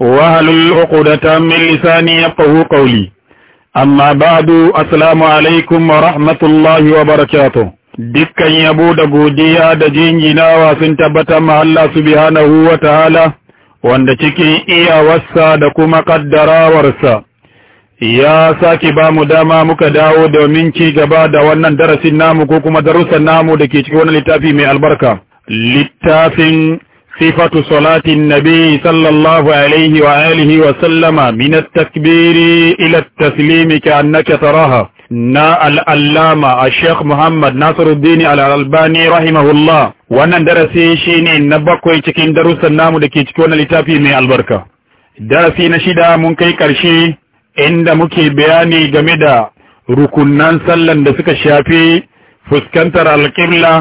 وهل عقدة من لساني يفقه Amma أما بعد alaikum عليكم ورحمة الله وبركاته dukkan yabo da godiya da jinjinawa sun tabbatar ma Allah subhanahu wa hala, wanda cikin iyawarsa da kuma ƙaddarawarsa. ya sake ba mu dama muka dawo domin ci gaba da wannan darasin namu ko kuma darussan namu da ke cikin wani littafi mai albarka littafin صفة صلاة النبي صلى الله عليه وآله وسلم من التكبير إلى التسليم كأنك تراها نا الألامة الشيخ محمد ناصر الدين الألباني رحمه الله وانا درسي شيني نبقوا يتكين دروس النام لكي تكون لتافي من البركة درسي نشيدا منكي كرشي عند مكي بياني جمدا rukunan sallan da suka shafi fuskantar alƙibla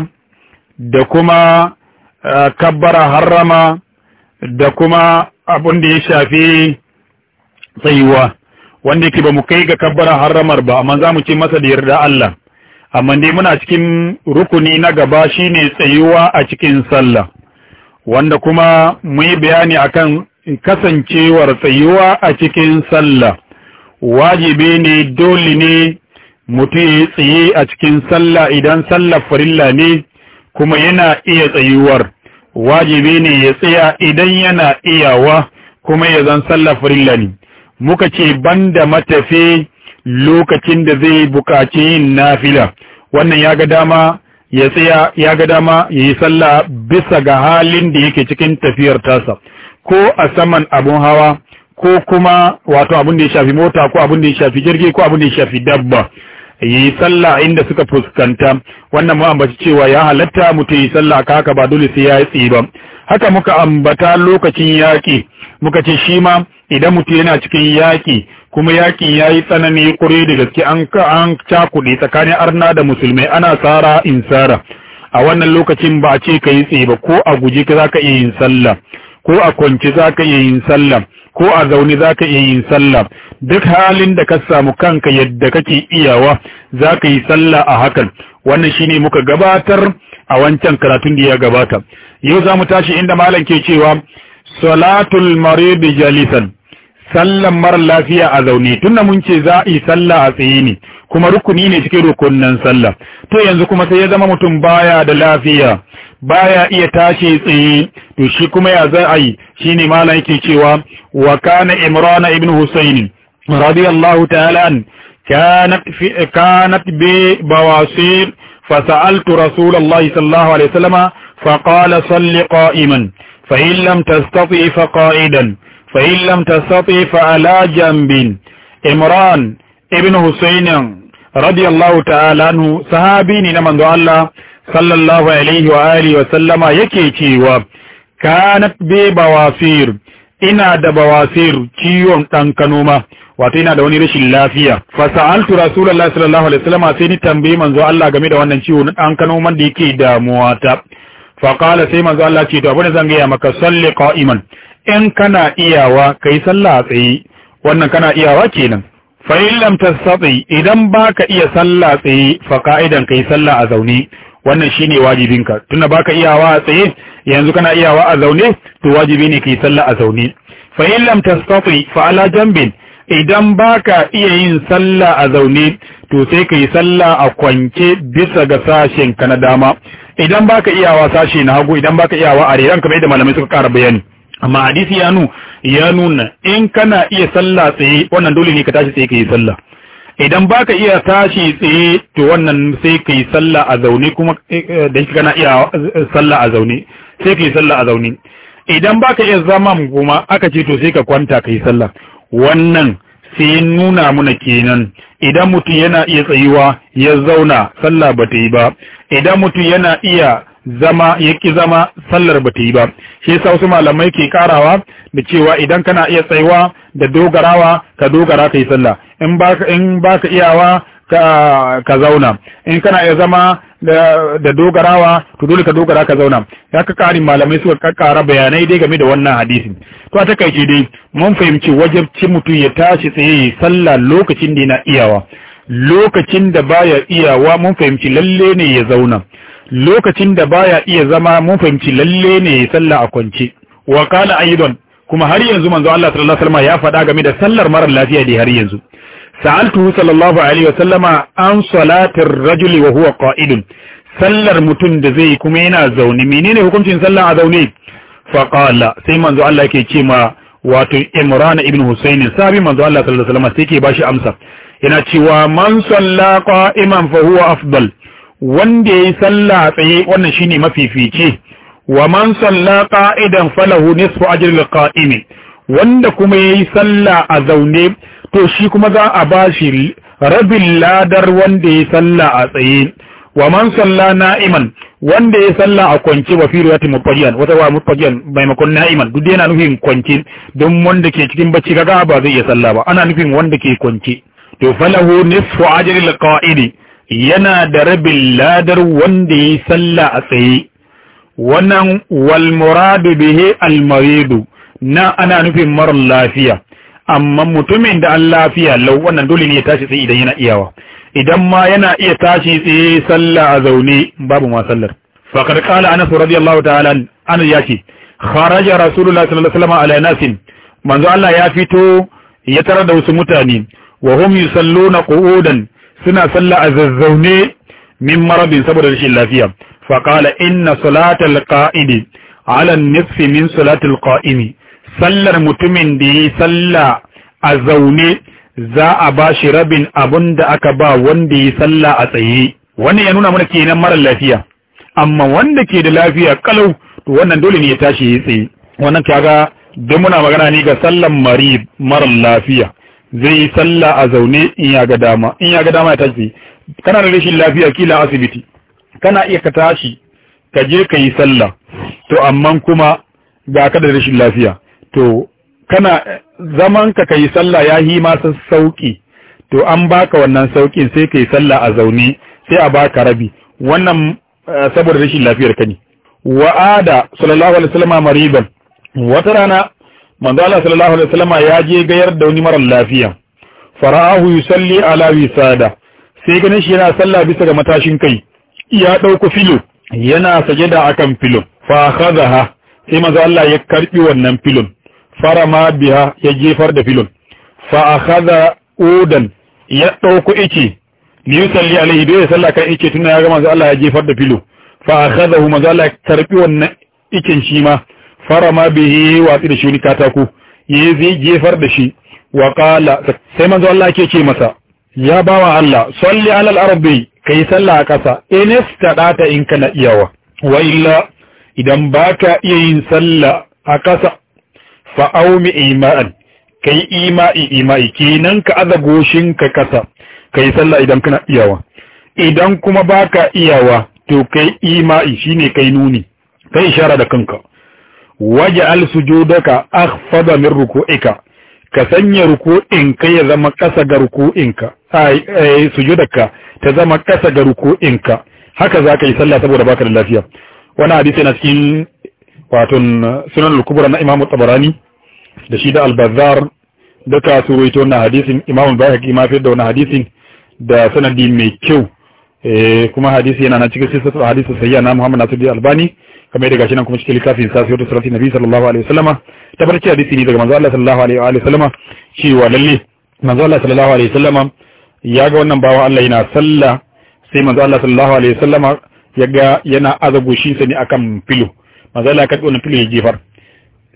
da kuma Ah, kabbara harrama da kuma abin da ya shafi tsayuwa wanda yake ba mu kai ga kabbara harramar ba amma za mu ce masa da yarda Allah amma dai muna cikin rukuni na gaba shine tsayuwa a cikin sallah wanda kuma mu yi bayani akan kasancewar tsayuwa a cikin sallah wajibi ne dole ne mutum ya tsaye a cikin sallah idan sallah farilla ne kuma yana iya tsayuwar wajibi ne ya tsaya idan yana iyawa kuma ya zan sallah farilla ne muka ce banda matafi lokacin da zai buƙaci yin nafila wannan ya ga dama ya tsaya ya ga dama ya sallah bisa ga halin da yake cikin tafiyar tasa ko a saman abun hawa ko kuma wato abun da ya shafi mota ko abun da ya shafi jirgi ko abun da ya shafi dabba yi sallah inda suka fuskanta wannan mu ambaci cewa ya halatta mutum yi sallah ka ba dole sai ya yi ba haka muka ambata lokacin yaƙi muka ce shi ma idan mutum yana cikin yaƙi kuma yaƙin ya yi tsanani kuri da gaske an an cakuɗe tsakanin arna da musulmai ana tsara in tsara a wannan lokacin ba a ce ka yi tsiba ko a guji ka za ka iya yin sallah ko a kwance za ka iya yin sallah ko a zaune za ka iya yin sallah duk halin da ka samu kanka yadda kake iyawa za ka yi sallah a hakan wannan shine muka gabatar a wancan karatun da ya gabata yau za mu tashi inda malam ke cewa salatul marid jalisan sallan mara lafiya a zaune tunda mun ce za a yi sallah a tsaye ne kuma rukuni ne cikin rukunnan sallah to yanzu kuma sai ya zama mutum baya da lafiya baya iya tashi tsaye to shi kuma ya za a yi shine malam yake cewa wa kana imran ibn husayn radiyallahu ta'ala an kanat fi kanat bi bawasir فسألت رسول الله صلى الله عليه وسلم فقال صل قائما فإن لم تستطع فقائدا فإن لم تستطع فعلى جنب إمران ابن حسين radiyallahu ta'ala nu sahabi ne na manzo Allah sallallahu alaihi wa alihi wa sallama yake cewa kanat bi bawasir ina da bawasir ciwon dan kanuma" wato ina da wani rashin lafiya fa sa'altu rasulullahi sallallahu alaihi wasallama sai ni tambayi manzo Allah game da wannan ciwo na dan kanoman da yake damuwa ta fa qala sai manzo Allah ce to abin zan ga maka salli qa'iman in kana iyawa kai sallah tsaye wannan kana iyawa kenan fa'in lamtar satsi idan ba ka iya sallah tsaye fa ka'idan ka yi sallah a zaune wannan shi ne wajibinka tuna ba ka iyawa a tsaye yanzu kana iyawa a zaune to wajibi ne ka yi sallah a zaune fa'in lamtar satsi fa'ala jambin idan ba ka iya yin sallah a zaune to sai ka yi sallah a kwance bisa ga sashen ka na dama idan ba ka iyawa sashe na hagu idan ba ka iyawa a reran kamar yadda malamai suka kara bayani amma hadisi ya ya nuna in kana iya sallah tsaye wannan dole ne ka tashi tsaye ka yi sallah idan baka iya tashi tsaye to wannan sai ka yi sallah a zaune kuma eh, eh, da shi kana iya eh, sallah a zaune sai ka yi sallah a zaune idan baka iya zama kuma aka ce to sai ka kwanta ka yi sallah wannan sai nuna muna kenan idan mutum yana iya tsayuwa ya zauna sallah ba ta yi ba idan mutum yana iya zama ya ki zama sallar ba ta yi ba shi yasa wasu malamai ke karawa da cewa idan kana iya tsayuwa da dogarawa ka dogara ka yi sallah in baka in baka iyawa ka ka zauna in kana iya zama da dogarawa to dole ka dogara ka zauna ya ka ƙarin malamai suka kakkara bayanai dai game da wannan hadisin to a takaice dai mun fahimci wajabci mutum ya tashi tsaye sallah lokacin da yana iyawa lokacin da baya iyawa mun fahimci lalle ne ya zauna lokacin da baya iya zama mun fahimci lalle ne sallah a kwance wa qala aidan kuma har yanzu manzo Allah sallallahu alaihi wasallam ya faɗa game da sallar marar lafiya da har yanzu sa'altuhu sallallahu alaihi wasallama an salatir rajuli wa huwa qa'idun sallar mutum da zai kuma yana zaune menene hukuncin sallah a zaune fa qala sai manzo Allah yake ce ma wato Imran ibn Husayn sabi manzo Allah sallallahu alaihi wasallam sai yake bashi amsa yana cewa man salla qa'iman fa huwa afdal wanda yayi sallah tsaye wannan shine mafifici wa man salla qa'idan falahu nisfu ajri al wanda kuma yayi sallah a zaune to shi kuma za a bashi rabin ladar wanda yayi sallah a tsaye wa man salla na'iman wanda ya sallah a kwance wa firu yati wata wa mutajiyan maimakon na'iman duk yana nufin kwance don wanda ke cikin bacci kaga ba zai iya sallah ba ana nufin wanda ke kwance to falahu nisfu ajri al yana da rabin ladar wanda ya yi sallah a tsaye wannan walmuradu bihe almaridu na ana nufin marar lafiya amma mutumin da an lafiya lau wannan dole ne ya tashi tsaye idan yana iyawa idan ma yana iya tashi tsaye sallah a zaune babu ma sallar faqad qala anas radiyallahu ta'ala an ce, kharaja rasulullahi sallallahu alaihi wasallam ala nasin manzo Allah ya fito ya tarar da wasu mutane wa hum yusalluna qu'udan suna sallah a zazzaune min marabin saboda rashin lafiya fa qala inna salatal qa'idi ala nisfi min salatil qa'imi sallar mutumin da yi sallah a zaune za a ba shi rabin abinda da aka ba wanda yi sallah a tsaye wannan ya nuna mana kenan mara lafiya amma wanda ke da lafiya kalau to wannan dole ne ya tashi ya tsaye wannan kaga don muna magana ne ga sallan marib mara lafiya zai yi sallah a zaune in ya ga dama in ya ga dama ya tashi kana da rashin lafiya kila asibiti kana iya ka tashi ka je ka yi sallah to amma kuma ga ka da rashin lafiya to kana zaman ka kai sallah ya yi masa sauki to an baka wannan saukin sai kai sallah a zaune sai a baka rabi wannan eh, saboda rashin lafiyar ka ne wa'ada sallallahu alaihi wasallam mariban wata rana manzo Allah sallallahu alaihi wasallama ya je gayar da wani mara lafiya fara'ahu yusalli ala wisada sai ganin shi yana sallah bisa ga matashin kai ya dauko filo yana sajada akan filo fa akhadha sai manzo Allah ya karbi wannan filon farama biha ya jefar da filon fa akhadha udan ya dauko ice ni yusalli alaihi da sallah kan ice tunda ya ga manzo Allah ya jefar da filo fa akhadahu manzo Allah ya karbi wannan ikin shi ma farama bihi watsi da shi wani katako ya zai jefar da shi wa kala sai manzo Allah ke ce masa ya bawa Allah salli alal ardi kai sallah a ƙasa in istadata in kana iyawa wa illa idan baka iya yin sallah a ƙasa fa aumi ima'an kai ima'i ima'i kenan ka aza goshin ka ƙasa kai sallah idan kana iyawa idan kuma baka iyawa to kai ima'i shine kai nuni kai ishara da kanka waj'al sujudaka akhfada min ruku'ika ka sanya ruku'inka ya zama ƙasa ga ruku'inka ai sujudaka ta zama ƙasa ga ruku'inka haka zaka yi sallah saboda baka da lafiya wannan hadisi yana cikin wato sunan al-kubra na Imam Tabarani da shi da al-Bazzar duka su ruwaito na hadisin Imam bayhaqi ma fi da wannan hadisin da sanadi mai kyau eh, kuma hadisi yana na cikin sisatu hadisi sayyana Muhammad al Albani kamar yadda gashi nan kuma cikin littafin safiyatu na nabi sallallahu alaihi wasallama tabbaci hadisi ne daga manzo Allah sallallahu alaihi wa sallama. cewa lalle manzo Allah sallallahu alaihi wasallama ya ga wannan bawa Allah yana sallah sai manzo Allah sallallahu alaihi wasallama ya ga yana shi sa ne akan filo manzo Allah ka wannan filo ya jefar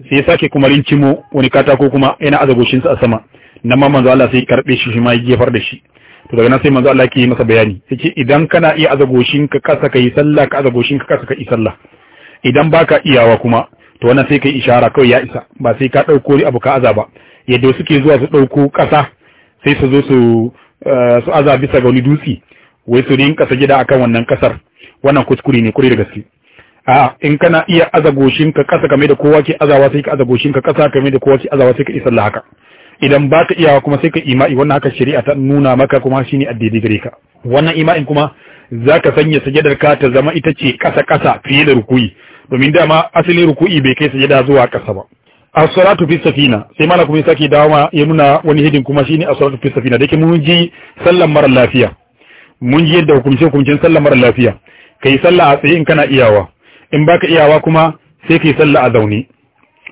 sai ya sake kuma rincimo wani katako kuma yana azagushin sa a sama nan ma manzo Allah sai karbe shi shi ma ya jefar da shi to daga nan sai manzo Allah ke masa bayani ce idan kana iya azagoshin ka kasa kai sallah ka azagoshin ka kasa kai sallah idan baka iyawa kuma to wannan sai kai ishara kawai ya isa ba sai ka dauko abu ka aza ba yadda suke zuwa su dauko kasa sai su zo su eh, su aza bisa ga wani dutse wai su rinka sa gida akan wannan kasar wannan kuskure ne kuri da gaske a in kana iya aza goshin ka kasa kamar da kowa ke azawa sai ka aza goshin ka kasa kamar da kowa ke azawa sai ka isa haka idan ba ka iyawa kuma sai ka ima'i wannan haka shari'a ta nuna maka kuma shine addini gare ka wannan ima'in kuma zaka sanya sajadar ka ta zama ita ce kasa kasa fiye da ruku'i domin dama asalin ruku'i bai kai sajada zuwa kasa ba as-salatu fi safina sai mana kuma sake dawo ma ya nuna wani hidin kuma shine as-salatu fi safina dake mun ji sallan mara lafiya mun ji yadda hukumce hukumcin sallan mara lafiya kai sallah a tsaye in kana iyawa in baka iyawa kuma sai kai sallah a zaune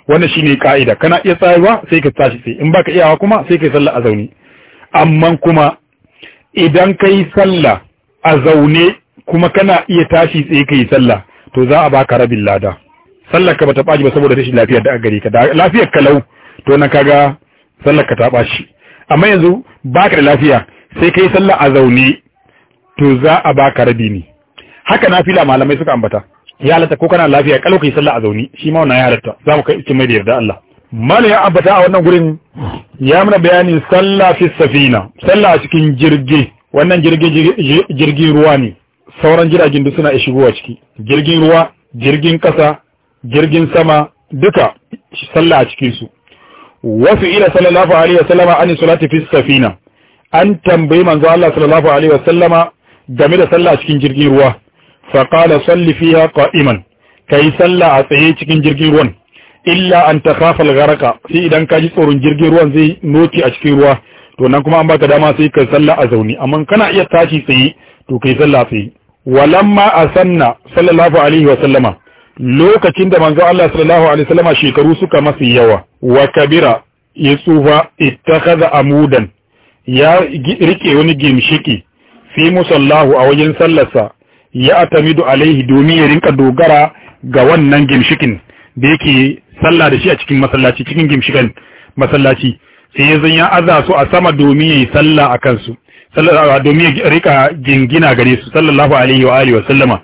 wannan shine ka'ida kana iya tsayawa sai ka tashi sai in baka iyawa kuma sai kai sallah a zaune amma kuma idan kai sallah a zaune kuma kana iya tashi tsaye kai sallah to za a baka rabin lada sallar ka bata baji ba saboda rashin lafiyar da gari. ka da lafiyar ka lau to nan kaga sallar ka ta bashi amma yanzu baka da lafiya sai kai sallah a zaune to za a baka rabi ne haka na fila malamai suka ambata ya halatta ko kana lafiya kalau kai sallah a zauni shi ma wannan ya halatta za mu kai cikin mai da yarda Allah mala ya ambata a wannan gurin ya muna bayanin sallah fi safina sallah a cikin jirgi wannan jirgin jirgin ruwa ne sauran jiragen duk suna shigowa ciki jirgin ruwa jirgin kasa jirgin sama duka sallah a cikin su wasu ila sallallahu alaihi wasallama an salati fi safina an tambayi manzo Allah sallallahu alaihi wasallama game da sallah cikin jirgin ruwa fa qala salli fiha ka yi sallah a tsaye cikin jirgin ruwan illa an takhafa al sai idan ka ji tsoron jirgin ruwan zai noti a cikin ruwa to nan kuma an baka dama sai ka sallah a zauni amma kana iya tashi tsaye to yi sallah tsaye walamma sanna sallallahu alaihi wa sallama lokacin da manzo Allah sallallahu alaihi wa sallama shekaru suka masa yawa wa kabira ya tsufa ittakhadha amudan ya rike wani gimshiki fi musallahu a wajen sallarsa ya atamidu alaihi domin ya rinka dogara ga wannan gimshikin da yake sallah da shi a cikin masallaci cikin gimshikan masallaci sai ya ya aza su a sama domin ya yi sallah a kansu domin ya rika gingina gare su sallallahu alaihi wa alihi wa sallama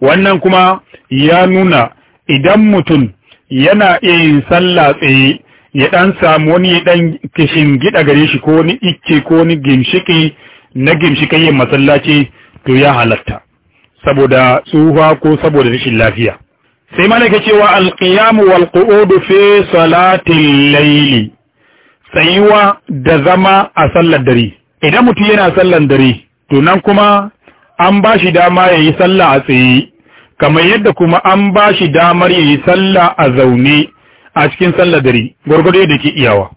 wannan kuma ya nuna idan mutum yana iya yin sallah tsaye ya dan samu wani ya dan kishin gida gare shi ko wani icce ko wani gimshiki na gimshikan yin masallaci to ya halatta saboda tsufa ko saboda rashin lafiya sai malaka cewa alqiyamu wal qu'udu fi salatil layli tsayuwa da zama a sallar dare idan mutum yana sallar dare to nan kuma an ba shi dama ya yi sallah a tsaye kamar yadda kuma an ba shi damar ya yi sallah a zaune a cikin sallar dare gwargwado yadda ke iyawa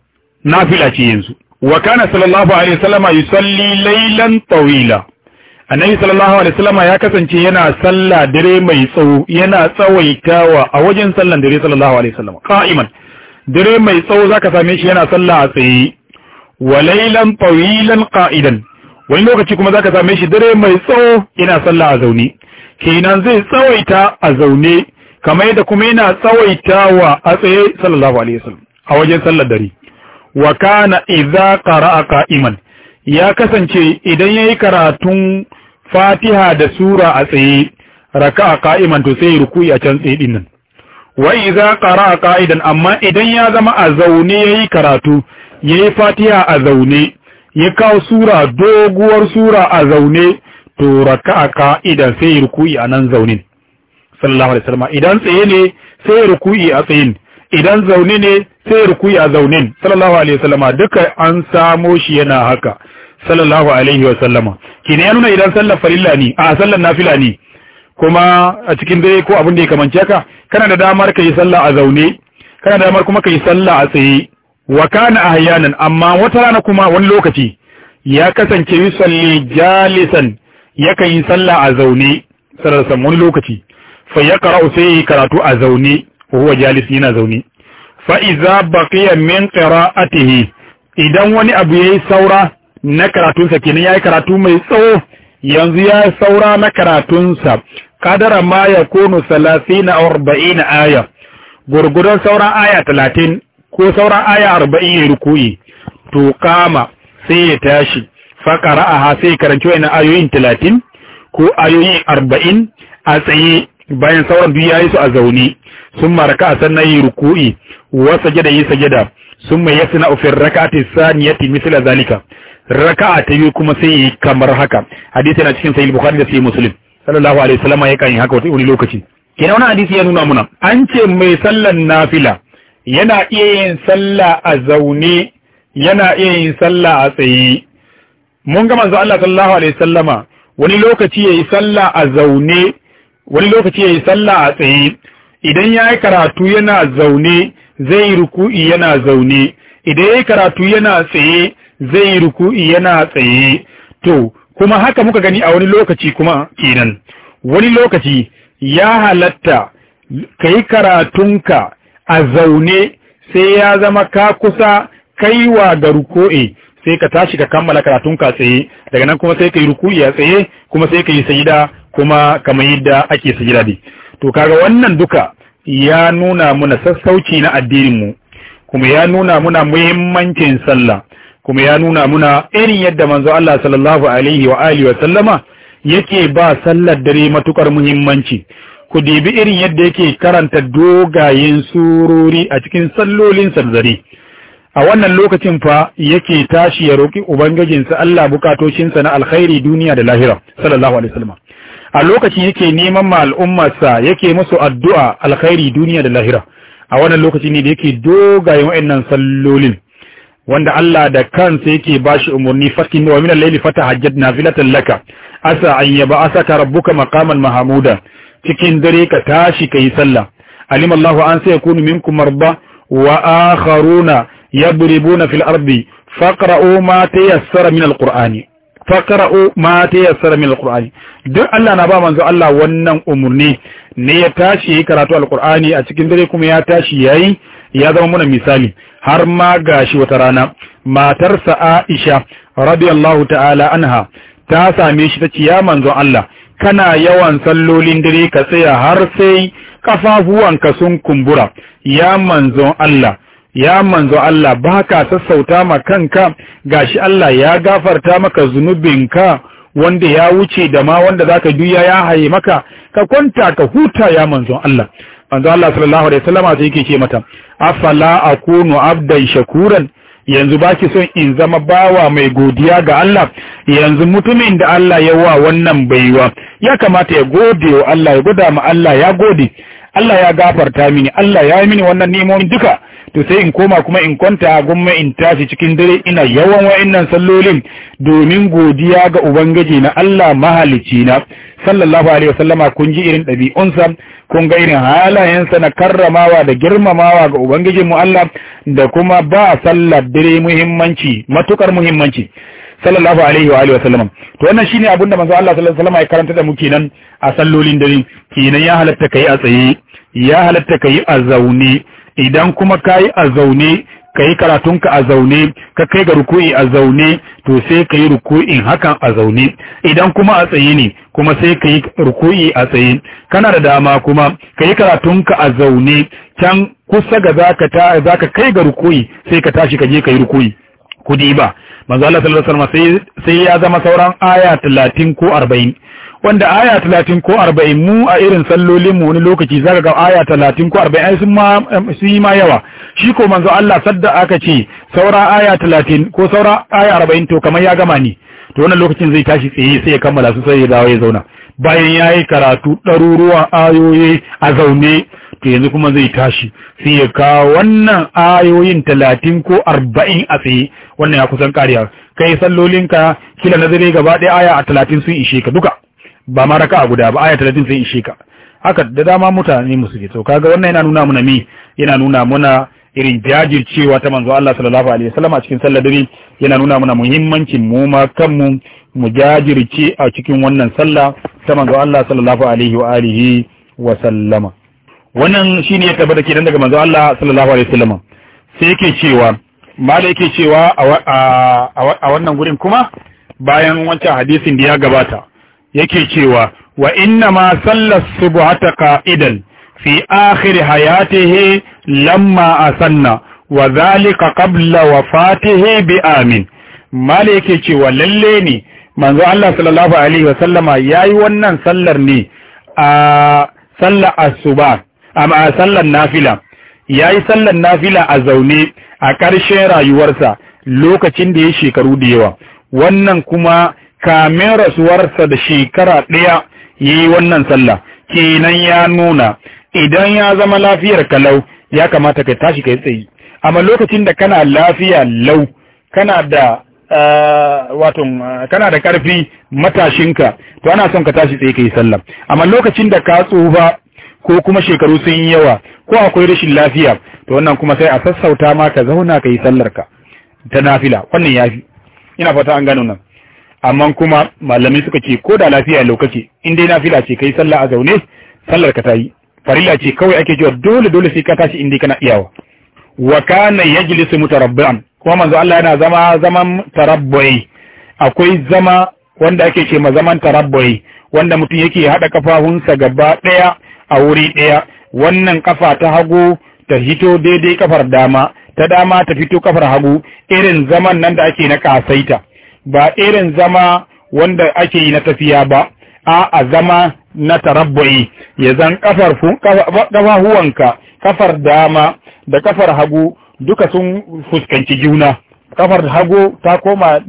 nafila ce yanzu wa kana sallallahu alaihi wasallama yusalli laylan tawila annabi sallallahu alaihi wasallam ya kasance yana sallah dare mai tsawo yana tsawaitawa a wajen sallan dare sallallahu alaihi wasallam qa'iman dare mai tsawo zaka same shi yana sallah a tsaye wa laylan tawilan qa'idan wani lokaci kuma zaka same shi dare mai tsawo yana sallah a zaune kenan zai tsawaita a zaune kamar yadda kuma yana tsawaitawa a tsaye sallallahu alaihi wasallam a wajen sallar dare wa kana idza qara'a qa'iman ya kasance idan ya yi karatun fatiha da sura a tsaye raka a ka'iman to sai ruku a can tsaye dinnan wai za ƙara a ka'idan amma idan ya zama a zaune ya yi karatu ya yi fatiha a zaune ya kawo sura doguwar sura a zaune to raka a ka'idan sai ruku a nan zaunin sallallahu alaihi wasallam idan tsaye ne sai ruku a tsayin idan zaune ne sai ruku a zaunin sallallahu alaihi wasallam duka an samo shi yana haka sallallahu alaihi wa sallama kina ya nuna idan sallar farilla ne a sallar nafila ne kuma a cikin dare ko abin da ya kamanci haka kana da damar ka yi sallah a zaune kana da damar kuma ka yi sallah a tsaye wa kana ahyanan amma wata rana kuma wani lokaci ya kasance yusalli jalisan yakan yi sallah a zaune sallallahu wani lokaci fa yaqra'u sai karatu a zaune huwa jalis yana zaune fa iza baqiya min qira'atihi idan wani abu yayi saura na karatunsa kenan ya yi karatu mai tsawo yanzu ya yi saura na karatunsa kadara ma ya kono salasina arba'in aya gurgudan sauran aya talatin ko sauran aya arba'in ya rukuyi to kama sai ya tashi fakara hasi ya karanci wa'in ayoyin talatin ko ayoyin arba'in a tsaye bayan sauran biyu ya yi su a zaune sun maraka a sannan yi ruku'i wasa jada yi sajada sun mai na ofin rakati saniyati misila zalika raka'a ta biyu kuma sai yi kamar haka hadisi yana cikin sahih bukhari da sahih muslim sallallahu alaihi wasallam ya kan yi haka wani lokaci kenan wannan hadisi ya nuna muna an ce mai sallan nafila yana iya yin sallah a zaune yana iya yin sallah a tsaye mun ga manzo Allah sallallahu alaihi wasallama wani lokaci yayi sallah a zaune wani lokaci yayi sallah a tsaye idan yayi karatu yana zaune zai ruku'i yana zaune idan yayi karatu yana tsaye zai yi ruku'i yana tsaye to kuma haka muka gani a wani lokaci kuma kenan wani lokaci ya halatta kai karatunka a zaune sai ya zama ka kusa kaiwa ga ruku'i sai ka tashi ka kammala karatunka ka tsaye daga nan kuma sai ka yi ruku'i a tsaye kuma sai ka yi sajida kuma kamar yadda ake sajida dai to kaga wannan duka ya nuna muna sassauci na addinin mu kuma ya nuna muna muhimmancin sallah kuma ya nuna muna irin yadda manzo Allah sallallahu alaihi wa alihi wa sallama yake ba sallar dare matukar muhimmanci ku dibi irin yadda yake karanta dogayen surori a cikin sallolin sarzari a wannan lokacin fa yake tashi ya roki ubangijinsa Allah bukatocinsa na alkhairi duniya da lahira sallallahu alaihi wasallam a lokacin yake neman ma al'ummarsa yake musu addu'a alkhairi duniya da lahira a wannan lokacin ne da yake dogayen wa'annan sallolin wanda Allah da kansa yake bashi umurni fatin wa min al-layli fatahajjat nafilatan laka asa an yab'asaka rabbuka maqaman mahmuda cikin dare ka tashi kai sallah alimallahu an an sayakunu minkum marba wa akharuna yabribuna fil ardi faqra'u ma tayassara min al faqra'u ma tayassara min al duk Allah na ba manzo Allah wannan umurni ne ya tashi karatu al a cikin dare kuma ya tashi yayi ya zama muna misali har ma gashi wata rana matarsa Aisha radiyallahu ta'ala anha ta same shi ta ce ya manzon Allah kana yawan sallolin dare ka tsaya har sai kafafuwanka sun kumbura ya manzon Allah ya manzo Allah ba ka sassauta ma kanka gashi Allah ya gafarta maka zunubinka wanda ya wuce da ma wanda zaka duya ya haye maka ka kwanta ka huta ya manzon Allah manzo Allah sallallahu alaihi wasallama sai yake ce mata afala akunu abdan shakuran yanzu baki son in zama bawa mai godiya ga Allah yanzu mutumin da Allah ya wa wannan baiwa ya kamata ya gode wa Allah ya goda ma Allah ya gode Allah ya gafarta mini Allah ya yi mini wannan nemomin duka to sai in koma kuma in kwanta gumma in tashi cikin dare ina yawan wa'annan sallolin domin godiya ga ubangiji na Allah mahalicci na sallallahu alaihi wasallama kun ji irin ɗabi'unsa kun ga irin halayensa na karramawa da girmamawa ga ubangijinmu Allah da kuma ba sallar dare muhimmanci matukar muhimmanci sallallahu alaihi wa alihi wasallam to wannan shine abin da manzo Allah sallallahu alaihi wasallam ya karanta da mu kenan a sallolin dare kenan ya halatta kai a tsaye ya halatta kai a zaune idan kuma kai a zaune ka yi karatunka a zaune ka kai ga ruku'i a zaune to sai ka yi ruku'in hakan a zaune idan kuma a tsaye ne kuma sai ka yi ruku'i a tsaye kana da dama kuma ka yi karatunka a zaune can kusa ga za ka kai ga ruku'i sai ka tashi ka je ka yi ruku'i kudi ba manzo Allah sallallahu alaihi wasallam sai ya zama sauran aya 30 ko 40 wanda aya 30 ko 40 mu a irin sallolin mu wani lokaci zaka ga aya 30 ko 40 ai sun ma su yi ma yawa shi ko manzo Allah sadda aka ce saura aya 30 ko saura aya 40 to kamar ya gama ni to wannan lokacin zai tashi tsaye sai ya kammala su sai ya dawo ya zauna bayan yayi karatu ɗaruruwan ayoyi a zaune to yanzu kuma zai tashi sai ya kawo wannan ayoyin talatin ko arba'in a tsaye wannan ya kusan kariya kai sallolinka kila nazari gaba ɗaya aya a talatin sun ishe ka duka ba ma raka a guda ba aya talatin sun ishe ka haka da dama mutane musu ke to kaga wannan yana nuna mana mi yana nuna mana irin jajircewa ta manzo Allah sallallahu alaihi wasallam a cikin sallar dare yana nuna mana muhimmancin mu ma kanmu mu jajirce a cikin wannan sallah ta manzo Allah sallallahu alaihi wa alihi wa sallama wannan shine ya tabbata kenan daga manzo Allah sallallahu alaihi wasallam sai yake cewa mala yake cewa a wannan gurin kuma bayan wancan hadisin da ya gabata yake cewa wa inna ma sallas subhata qa'idan fi akhir hayatihi lamma asanna wa zalika qabla wafatihi bi amin malike cewa lalle ne manzo Allah sallallahu alaihi wasallama yayi wannan sallar ne a sallar asuba amma sallar nafila yayi sallar nafila a zaune a ƙarshen rayuwarsa lokacin da ya shekaru da yawa wannan kuma kamin rasuwarsa da shekara ɗaya yayi wannan sallah kenan ya nuna idan ya zama lafiyar kalau ya kamata ka tashi kai tsayi amma lokacin da kana lafiya lau kana da ah, wato ah, kana da karfi matashinka to ana son ka tashi tsaye kai sallah amma lokacin da ka tsufa ko kuma shekaru sun yi yawa ko akwai rashin lafiya to wannan kuma sai a sassauta ma ka zauna ka yi sallarka ta nafila wannan yafi ina fata an gano nan amma kuma malamai suka ce ko da lafiya lokaci in dai nafila ce kai sallah a zaune sallar ta yi farilla ce kawai ake cewa dole dole sai ka tashi inda kana iyawa wa kana yajlisu mutarabban kuma manzo Allah yana zama zaman tarabbai akwai zama wanda ake ce ma zaman tarabbai wanda mutum yake hada kafafunsa gaba daya a wuri daya wannan kafa ta hagu ta hito daidai kafar dama ta dama ta fito kafar hagu irin zaman nan da ake na kasaita ba irin zama wanda ake yi na tafiya ba a a zama na tarabbu'i ya zan kafar kafahuwanka kafar dama da kafar hagu duka sun fuskanci juna kafar hagu ta koma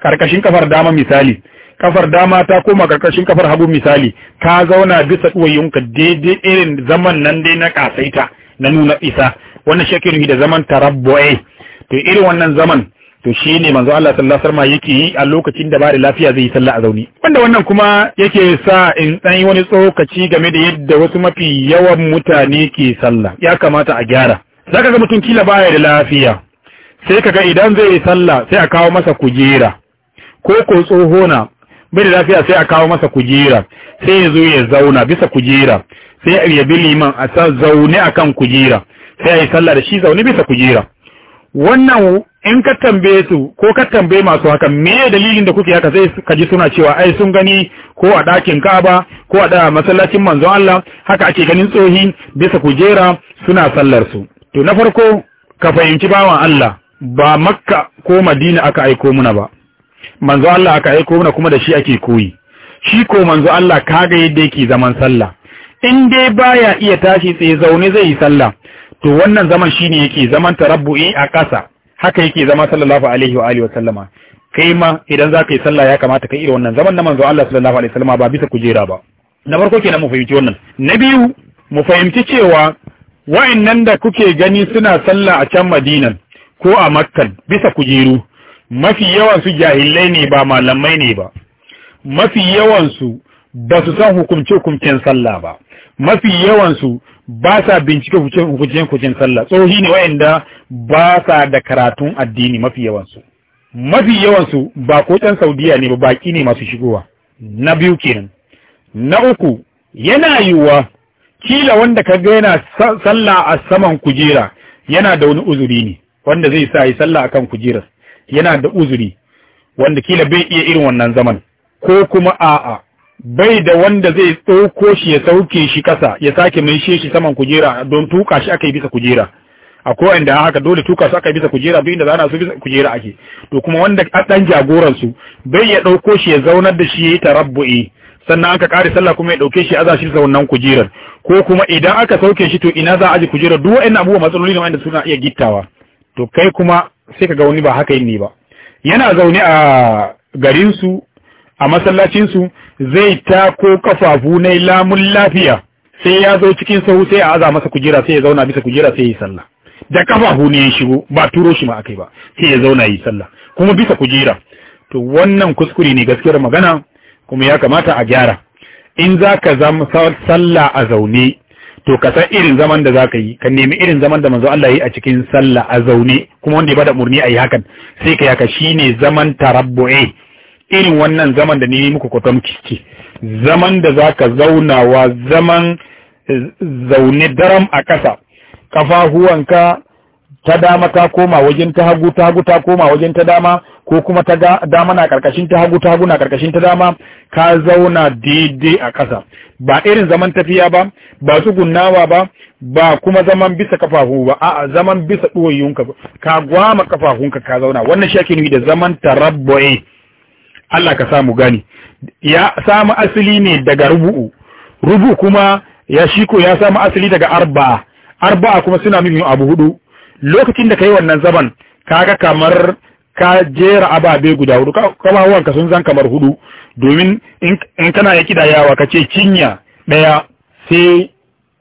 karkashin kafar dama misali kafar dama ta koma karkashin kafar hagu misali ka zauna bisa ɗuwayyunka daidai irin zaman nan dai na kasaita na nuna isa wannan shekaru da zaman tarabbu'i to irin wannan zaman to shi ne manzo Allah sallallahu alaihi yake yi a lokacin da ba da lafiya zai yi sallah a zauni. wanda wannan kuma yake sa in dan wani tsokaci game da yadda wasu mafi yawan mutane ke sallah ya kamata a gyara zaka ga mutum kila baya da lafiya sai kaga idan zai yi sallah sai a kawo masa kujera ko ko tsohona bai da lafiya sai a kawo masa kujera sai ya zo ya zauna bisa kujera sai ya bi liman a sa zaune akan kujera sai ya yi sallah da shi zaune bisa kujera wannan in ka tambaye su ko ka tambaye masu haka me dalilin da kuke haka sai ka ji suna cewa ai sun gani ko a ɗakin kaba ko a da masallacin manzon Allah haka ake ganin tsohi bisa kujera suna sallar su to na farko ka fahimci bawan Allah ba Makka ko Madina aka aiko muna ba manzon Allah aka aiko muna kuma da shi ake koyi shi ko manzo Allah kaga yadda yake zaman sallah in dai baya iya tashi tsaye zaune zai yi sallah to wannan zaman shine yake zaman tarabbu'i a ƙasa haka yake zama sallallahu alaihi wa alihi wa sallama kai ma idan za ka yi sallah ya kamata ka yi wannan zaman na manzo Allah sallallahu alaihi wa sallama ba bisa kujera ba na farko kenan mu fahimci wannan na biyu mu fahimci cewa wa'annan da kuke gani suna sallah a can Madina ko a Makka bisa kujeru mafi yawan su jahilai ne ba malamai ne ba mafi yawan su ba su san hukumce hukumcen sallah ba mafi yawansu ba sa bincike hujjen kujen sallah tsohi ne wa'anda ba sa da karatun addini mafi yawansu mafi yawansu ba ko ɗan saudiya ne ba baki ne masu shigowa na biyu kenan na uku yana yiwuwa kila wanda ka ga yana sallah a saman kujera yana da wani uzuri ne wanda zai sa yi sallah akan kujera yana da uzuri wanda kila bai iya irin wannan zaman ko kuma a'a bai da wanda zai ɗauko shi ya sauke shi kasa ya sake mai shi saman kujera don tuka shi aka yi bisa kujera a kowai da haka dole tuka su aka yi bisa kujera duk inda zana su bisa kujera ake to kuma wanda ɗan jagoran su bai ya ɗauko shi ya zaunar da shi ya yi tarabbu'i sannan aka ƙare sallah kuma ya dauke shi aza shi zaunan kujerar ko kuma idan aka sauke shi to ina za a ji kujerar duk wa'annan abubuwa matsaloli ne wanda suna iya gittawa to kai kuma sai ka ga wani ba haka yin ne ba yana zaune a garin a masallacin su zai tako kafafu na lamun lafiya sai ya zo cikin sahu sai a aza masa kujera sai ya zauna bisa kujera sai ya yi sallah da kafafu ne ya shigo ba turo shi ma akai ba sai ya zauna yi sallah kuma bisa kujera to wannan kuskure ne gaskiyar magana kuma ya kamata a gyara in za ka zama sallah a zaune to ka san irin zaman da za ka yi ka nemi irin zaman da manzo Allah yi a cikin sallah a zaune kuma wanda ya bada murni a yi hakan sai ka yaka shine zaman taraboe. irin wannan zaman da ni muku kiki zaman da zaka zaunawa zaman eh, zaune daram a ƙasa kafahuwanka ta dama ta koma wajen ta hagu ta hagu ta koma wajen ta dama ko kuma ta dama na ƙarƙashin ta hagu ta hagu na ƙarƙashin ta dama ka zauna daidai a ƙasa ba irin zaman tafiya ba ba gunawa ba ba kuma zaman bisa kafafu ba a'a zaman bisa ɗuwayyunka ka gwama kafahunka ka zauna wannan shi ake nufi da zaman tarabbu'i Allah ka samu gani ya samu asali ne daga rubu'u rubu kuma ya shiko ya samu asali daga arba'a arba'a kuma suna nufin abu hudu lokacin da kai wannan zaman kaga kamar ka jera ababe guda hudu ka sun zan kamar hudu domin in kana ya kidayawa ka ce cinya daya sai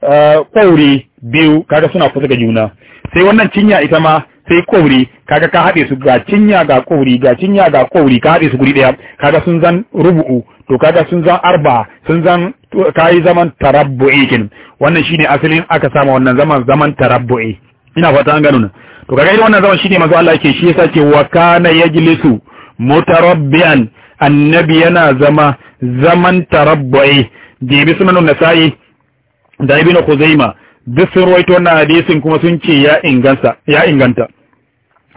eh, kwaure biyu kaga suna kusa ga juna sai wannan cinya ita ma sai kauri kaga ka haɗe su ga cinya ga kauri ga cinya ga kauri ka haɗe su guri ɗaya kaga sun zan rubu'u to kaga sun zan arba sun zan kayi zaman tarabbu'i kin wannan shine asalin aka sama wannan zaman zaman tarabbu'i ina fata an gano na. to kaga irin wannan zaman shine manzo Allah yake shi yasa ke wa kana yajlisu mutarabbian annabi yana zama zaman tarabbu'i jibi sunan nasa'i da ibnu Khuzaimah duk sun rawaito wannan hadisin kuma sun ce ya inganta ya inganta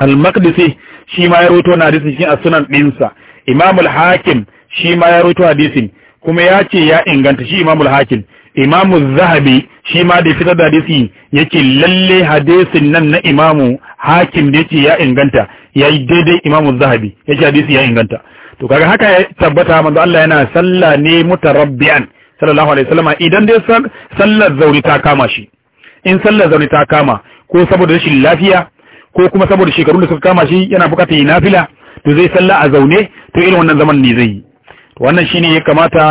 al-maqdisi shi ma ya rawaito wannan hadisin cikin as-sunan dinsa imam al-hakim shi ma ya rawaito hadisin kuma ya ce ya inganta shi imam al-hakim imam az-zahabi shi ma da fitar da hadisi yake lalle hadisin nan na imamu hakim da yake ya inganta yayi daidai imam az-zahabi yake hadisi ya inganta to kaga haka ya tabbata manzo Allah yana sallah ne mutarabbian sallallahu alaihi wasallam idan dai sallar zauri ta kama shi in sallar zaune ta kama ko saboda rashin lafiya ko kuma saboda shekarun da suka kama shi yana bukatar yi nafila to zai salla a zaune to irin wannan zaman ne zai yi wannan shine ya kamata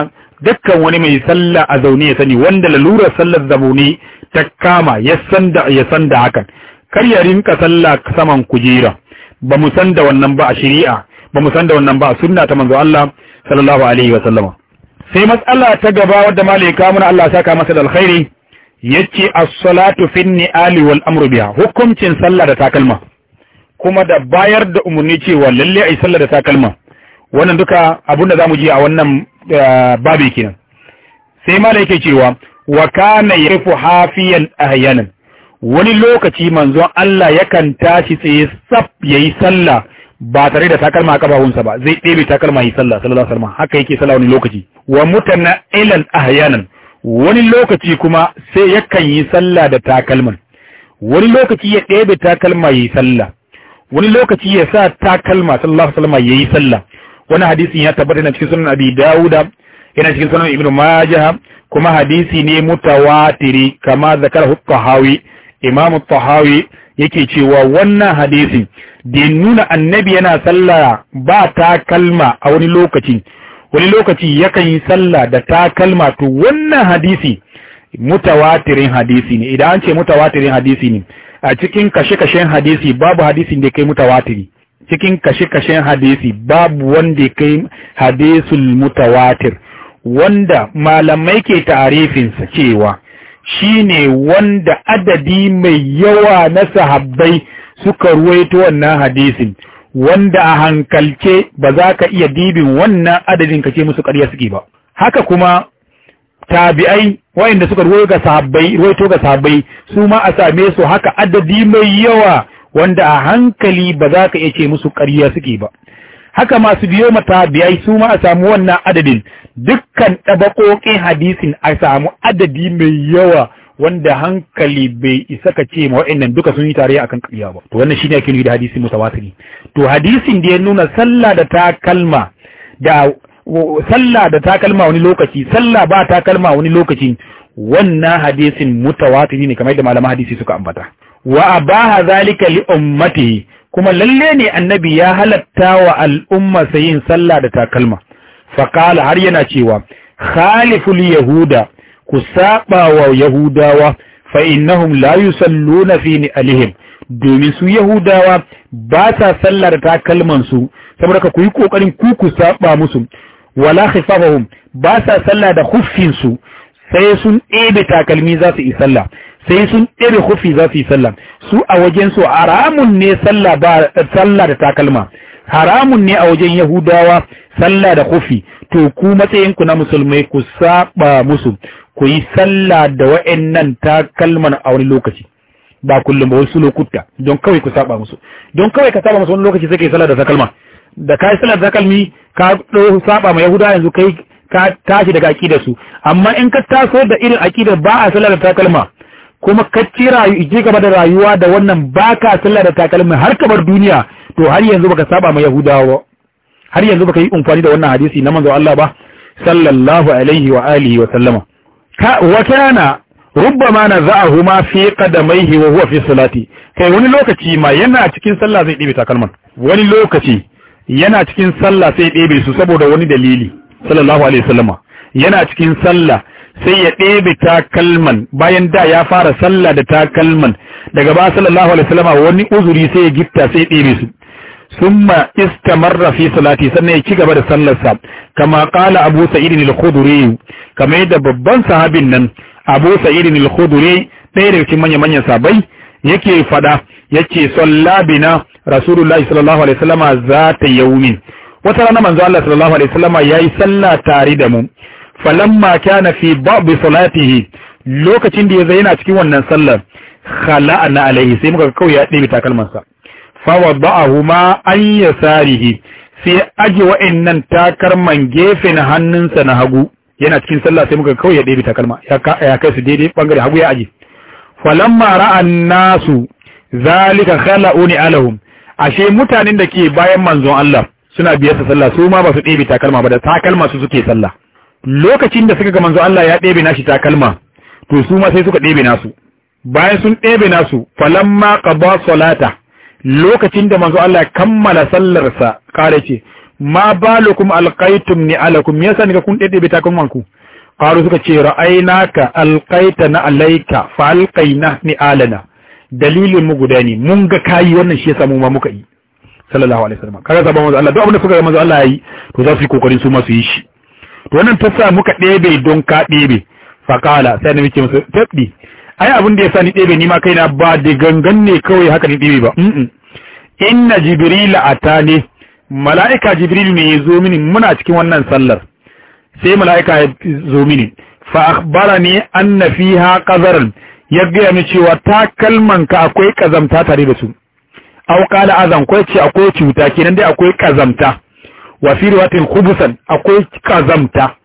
dukkan wani mai salla a zaune ya sani wanda lalurar sallar zaune ta kama ya san da ya san hakan kar ya rinka salla saman kujera ba mu san da wannan ba a shari'a ba mu san da wannan ba a sunna ta manzo Allah sallallahu alaihi wa sallama sai matsala ta gaba wadda malai mun Allah saka masa da alkhairi yace as-salatu fin ni'ali wal amru biha hukuncin sallah da takalma kuma da bayar da umarni cewa lalle ai sallah da takalma wannan duka abun zamu ji a wannan eh, babi kenan sai mala yake cewa wa kana yarfu hafiyan ahyanan wani lokaci manzon Allah yakan tashi sai sab yayi sallah ba tare da takalma a kafahunsa ba zai ɗebe takalma yi sallah sallallahu alaihi wasallam haka yake sallah wani lokaci wa mutana ilal ahyanan wani lokaci kuma sai yakan yi sallah da takalman wani lokaci ya ɗebe takalma ya yi sallah wani lokaci ya sa takalma sallallahu alaihi ya yi sallah wani hadisi ya tabbata na cikin sunan abi dawuda yana cikin sunan ibnu majah kuma hadisi ne mutawatiri kama zakar tahawi imam tahawi yake cewa wannan hadisi da nuna annabi yana sallah ba takalma a wani lokaci wani lokaci yakan yi sallah da takalma to wannan hadisi mutawatirin hadisi ne idan an ce mutawatirin hadisi ne a cikin kashe-kashen hadisi babu hadisin da kai mutawatiri cikin kashe-kashen hadisi babu wanda kai hadisul mutawatir wanda malamai ke tarifinsa cewa shine wanda adadi mai yawa na sahabbai suka ruwaito wannan hadisin wanda a hankalce ba za ka iya dibin wannan adadin kace musu ƙarya suke ba haka kuma tabi'ai wayanda suka ruwaito ga sahabbai su ma a same su haka adadi mai yawa wanda a hankali ba za ka iya ce musu ƙarya suke ba haka masu biyo ma tabi'ai su ma a samu wannan adadin dukkan ɗabaƙoƙin hadisin a samu adadi mai yawa wanda hankali bai isa ka ce ma wa'annan duka sun yi tarayya akan ƙarya ba to wannan shine ake nufi da hadisi mutawatiri to hadisin da ya nuna sallah da takalma da sallah da takalma wani lokaci sallah ba takalma wani lokaci wannan hadisin mutawatiri ne kamar yadda malaman hadisi suka ambata wa abaha zalika li kuma lalle ne annabi ya halatta wa al'umma sayin sallah da takalma faqala har yana cewa khaliful yahuda ku saba wa yahudawa fa innahum la yusalluna fi alihim domin su yahudawa ba sa sallar takalman su saboda ka kuyi yi kokarin ku ku saba musu wala khifafahum ba sa sallah da huffin su sai sun ɗebe takalmi za su yi sallah sai sun ɗebe hufi za su yi sallah su a wajen su haramun ne sallah da takalma haramun ne a wajen yahudawa sallah da hufi to ku ku na musulmai ku saba musu ku yi sallah da wa'annan takalman a wani lokaci ba kullum ba wasu lokuta don kawai ku saba musu don kawai ka saba musu wani lokaci sai kai sallah da takalma da kai sallah da takalmi ka ɗau saba ma yahuda yanzu kai ka tashi daga aƙidar su amma in ka taso da irin aƙidar ba a sallah da takalma kuma ka ci rayu ije gaba da rayuwa da wannan baka sallah da takalma har ka bar duniya to har yanzu baka saba ma yahudawa har yanzu baka yi umfani da wannan hadisi na manzo Allah ba sallallahu alaihi wa alihi wa sallama wakana rubbama na za ma fi qadamaihi wa huwa fi salati kai wani lokaci ma yana cikin sallah zai ɗebe takalman wani lokaci yana cikin sallah sai ɗebe su saboda wani dalili sallallahu alaihi wasallama yana cikin sallah sai ya ɗebe takalman bayan da ya fara sallah da takalman daga ba sallallahu alaihi wasallama wani uzuri sai ya gitta sai ya su summa istamarra fi salati sannan ya ci gaba da sallarsa kama qala abu sa'id al-khudri kama yadda babban sahabin nan abu sa'id al-khudri ɗaya daga cikin manyan manyan sabai yake fada yace sallabina rasulullahi sallallahu alaihi wasallama zata yawmin wata rana manzo Allah sallallahu alaihi yayi sallah tare da mu falamma kana fi ba'd salatihi lokacin da yazo yana cikin wannan sallar khala'na alaihi sai muka kauya ɗebe takalmansa fawadda'ahuma an yasarihi sai aje wa'annan takalman gefen hannunsa na hagu yana cikin sallah sai muka kawai ya ɗebe takalma ya kai su daidai bangare hagu ya aje falamma ra'an nasu zalika khala'uni alahum ashe mutanen da ke bayan manzon Allah suna biyarsa sallah su ma ba su ɗebe takalma ba da takalma su suke sallah lokacin da suka ga manzon Allah ya ɗebe nashi takalma to su ma sai suka ɗebe nasu bayan sun ɗebe nasu falamma qada salata lokacin da manzo Allah ya kammala sallarsa kare ce ma balukum alqaitum ni alakum yasa ne kun dade bi kun manku qaru suka ce ra'aynaka alqaitana alayka fa alqaina ni alana dalilin mu guda ne mun ga kai wannan shi yasa mu ma muka yi sallallahu alaihi wasallam kaga sabon manzo Allah duk abin da suka ga manzo Allah yayi to za su yi kokarin su ma su yi shi to wannan ta sa muka ɗebe don ka ɗebe qala sai ne muke musu tabbi ai abin da yasa ni ɗebe ni ma kaina ba da gangan ne kawai haka ni ɗebe ba inna jibrila atani mala'ika jibril ne ya zo mini muna cikin wannan sallar sai mala'ika ya zo mini fa akhbarani anna fiha qazaran ya gaya ni cewa takalman ka akwai kazamta tare da su aw qala azan ko ce akwai cuta kenan dai akwai kazamta wa fi riwayatin khubusan akwai kazamta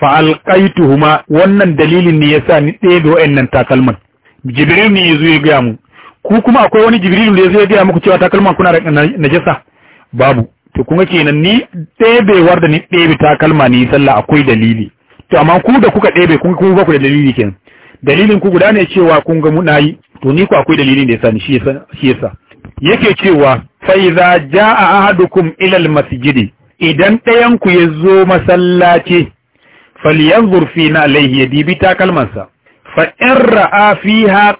fa wannan dalilin ne sa ni ɗaya da wayannan takalman jibril ne ya zo ya gaya mu ku kuma akwai wani jibril da ya zo ya gaya muku cewa takalman kuna da najasa babu to kuma kenan ni ɗebewar da ni ɗebe takalma ne sallah akwai dalili to amma ku da kuka ɗebe kun kuma ba ku da dalili kenan dalilin ku guda ne cewa kun ga muna yi to ni ku akwai dalilin da sa ni shi yasa yake cewa Faiza, ja a ahadukum ilal masjidi. idan ɗayan ku zo masallaci falyanzur zurfi na alaihi ya dibi takalmansa fa in ra'a fiha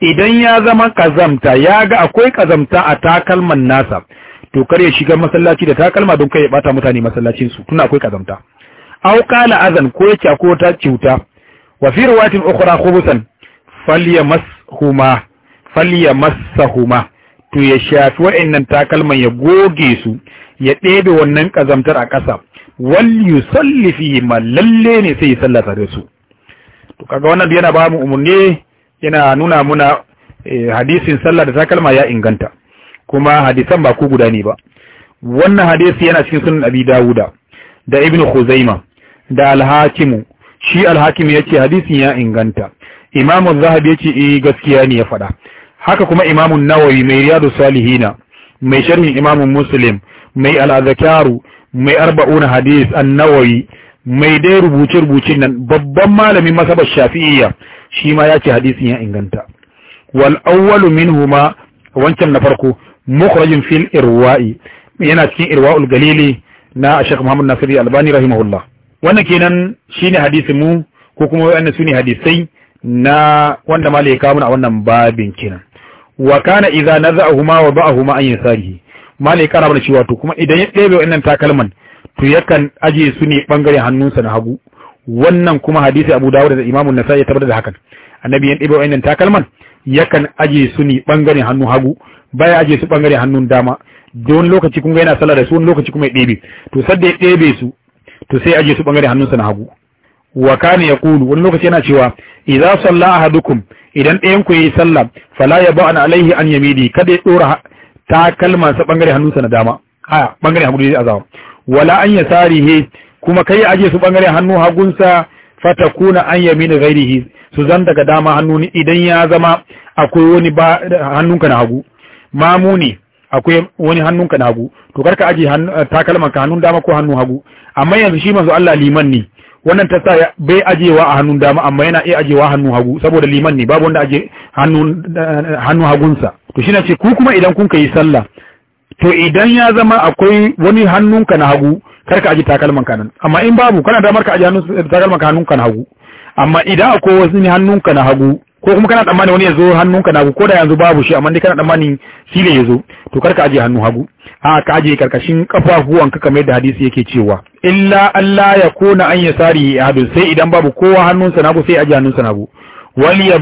idan ya zama ƙazamta ya ga akwai ƙazamta a takalman nasa to kar ya shiga masallaci da takalma don kai ya ɓata mutane masallacinsu su tuna akwai ƙazamta. aw qala azan ko ya ko ta ciuta wa fi riwayatin ukhra khubusan falyamashuma huma to ya shafi nan takalman ya goge su ya ɗebe wannan ƙazamtar a ƙasa wal salli fi ma lalle ne sai ya sallata da su to kaga wannan yana ba mu umurni yana nuna muna eh, hadisin sallah da takalma ya inganta kuma hadisan ba ku guda ne ba wannan hadisi yana cikin sunan abi dawuda da ibnu khuzaima da al hakim shi al hakim yace hadisin ya inganta imamu zahabi yace eh gaskiya ne ya faɗa haka kuma an nawawi mai riyadu salihina mai sharhin imam muslim mai al-azkaru mai arba'una hadis an mai dai rubuce-rubuce nan babban malamin masabar shafi'iyya shi ma ya ce hadisin ya inganta wal awwalu minhuma wancan na farko mukhrajin fil irwa'i yana cikin irwa'ul galili na Sheikh Muhammad nasiri Albani rahimahullah wannan kenan shine hadisin mu ko kuma wannan sune hadisai na wanda malai ya kawo a wannan babin kenan wa kana idza nazahuma wa ba'ahuma an yasarihi mala ya kara mana cewa to kuma idan ya ɗebe wa'annan takalman to yakan ajiye su ne bangaren hannunsa na hagu wannan kuma hadisi Abu Dawud da Imam na nasai ya tabbatar da hakan annabi ya ɗebe wa'annan takalman yakan ajiye su ne bangaren hannun hagu baya ajiye su bangaren hannun dama don lokaci kun ga yana sallah da su wani lokaci kuma ya ɗebe to sadda ya ɗebe su to sai ajiye su bangaren hannunsa na hagu wa kana yaqulu wani lokaci yana cewa idza salla ahadukum idan ɗayan ku yi sallah fala an alaihi an yamidi kada ya dora takalma sa bangare sa na dama a bangare hagu da azawa wala an yasarihi kuma kai aje su bangare hannu hagunsa fatakuna an yamin ghairihi su zan daga dama hannu ni idan ya zama akwai wani ba hannunka na hagu mamuni akwai wani hannunka na hagu to karka aje takalman ka hannun dama ko hannun hagu amma yanzu shi manzo Allah liman wannan ta sa bai ajewa a hannun dama amma yana iya ajewa hannun hagu saboda liman ne babu wanda aje hannun eh, hagunsa to shi ce ku kuma idan kun ka yi sallah to idan ya zama akwai wani hannunka na hagu kar ka aji takalman ka nan amma in babu kana damar ka aji hannun eh, takalman ka hannunka na hagu amma idan akwai wasu ne hannunka na hagu ko kuma kana tsammani wani ya zo hannunka na hagu ko da yanzu babu shi amma dai kana tsammani shi ne ya zo to kar ka aje hannun hagu a ka ajiye karkashin kafafuwan ka kamar da hadisi yake cewa illa Allah ya kona an ya ya hadu sai idan babu kowa hannunsa nagu sai aje hannunsa nagu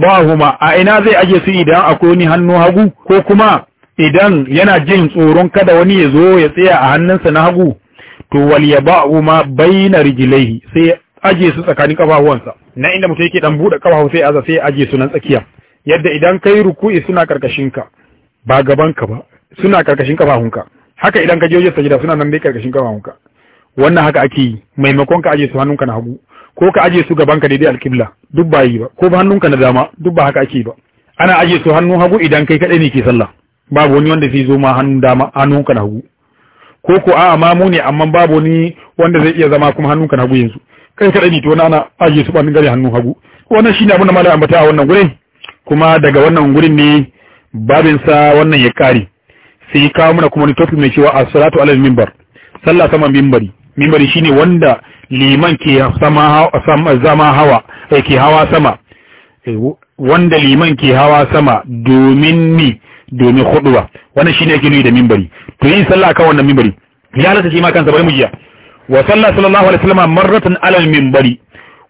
ba huma a ina zai aje su idan akwai wani hannu hagu ko kuma idan yana jin tsoron kada wani ya zo ya tsaya a hannunsa na hagu to ya wal yabahuma baina rijilai sai aje su tsakanin kafafuwansa na inda mutum yake dan buɗe kafafu sai aza sai aje su nan tsakiya yadda idan kai ruku'i suna karkashin ka ba gaban ka ba suna karkashin kafafunka haka idan ka je wajen sajida suna nan dai karkashin kafafunka wannan haka ake yi maimakon ka aje su hannunka na hagu ko ka aje su gaban ka daidai alkibla duk ba yi ba ko ba hannunka na dama duk ba haka ake ba ana aje su hannun hagu idan kai kadai ne ke sallah babu wani wanda zai zo ma hannun dama hannunka na hagu ko ko a'a ma mu ne amma babu wani wanda zai iya zama kuma hannunka na hagu yanzu kai kadai ne to na ana aje su bangare hannun hagu wannan shine abin da malam ambata a wannan gurin kuma daga wannan gurin ne babinsa wannan ya kare sai ya kawo mana kuma wani topic mai cewa as-salatu alal minbar sallah sama minbari minbari shine wanda liman ke sama zama hawa eh, ke hawa sama eh, wanda liman ke hawa sama domin ni domin huduwa wannan shine yake nuni da minbari to yin sallah kan wannan minbari ya halatta shi ma kansa bari mu jiya wa sallallahu sallallahu alaihi wasallam marratan alal minbari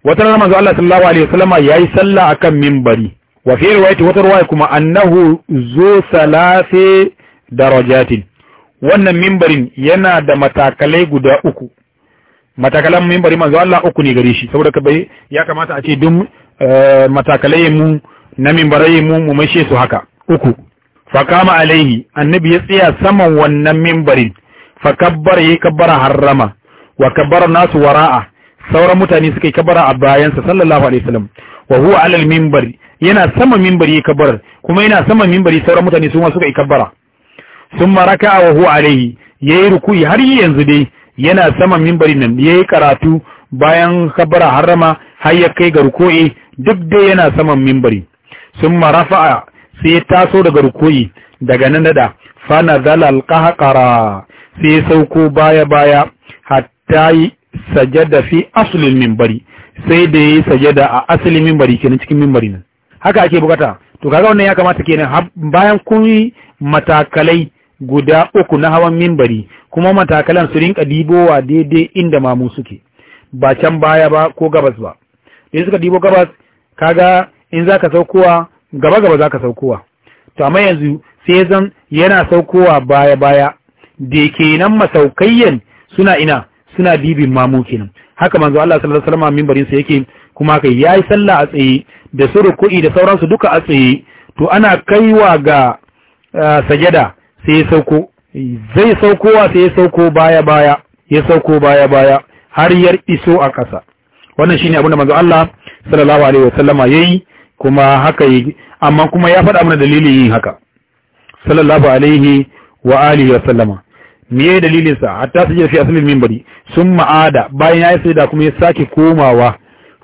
wata rana manzo Allah sallallahu alaihi wasallam yayi sallah akan minbari wa fi riwayati wata riwaya kuma annahu zu salasi darajatin wannan mimbarin yana da matakalai guda uku matakalan mimbari manzo Allah uku ne gare shi saboda bai ya kamata a ce duk eh, matakalai mu na mimbarai mu mu maishe su haka uku fa kama alaihi annabi ya tsaya saman wannan mimbarin fa fakabbar yi kabbara harrama wa kabbara nasu wara'a sauran mutane suka yi kabbara a bayansa sallallahu alaihi wasallam wa huwa alal mimbari yana sama mimbari ya kabbara kuma yana sama mimbari sauran mutane su ma suka yi kabbara ثم a وهو عليه yayi rukuyi har yanzu dai yana saman mimbari nan ya yi karatu bayan kabbara harrama har ya kai ga rukuyi duk dai yana saman mimbari summa rafa'a sai ya taso daga ruku'i daga nan da fa nazala alqahqara sai ya sauko baya baya hatta sajada fi aslil mimbari sai da yayi sajada a asalin mimbari kenan cikin mimbari nan haka ake bukata to kaga wannan ya kamata kenan bayan kun yi matakalai guda uku na hawan mimbari kuma matakalan su rinka dibowa daidai inda mamu suke ba can baya ba ko gabas ba in suka dibo gabas kaga in zaka saukowa gaba gaba za ka saukowa to amma yanzu sai zan yana saukowa baya baya da kenan masaukayyan suna ina suna dibin mamu kenan haka manzo Allah sallallahu alaihi wasallam mimbarin sa yake kuma kai yayi sallah a tsaye da suruku'i da sauransu duka a tsaye to ana kaiwa ga ah, sajada sai ya sauko zai saukowa sai ya sauko baya baya ya sauko baya baya har yar iso a ƙasa wannan shine abinda manzo Allah sallallahu alaihi wa sallama yayi kuma haka yi amma kuma ya faɗa mana dalilin yin haka sallallahu alaihi wa alihi sallama me dalilin sa hatta su je fi asalin minbari sun ma'ada bayan ya yi da kuma ya sake komawa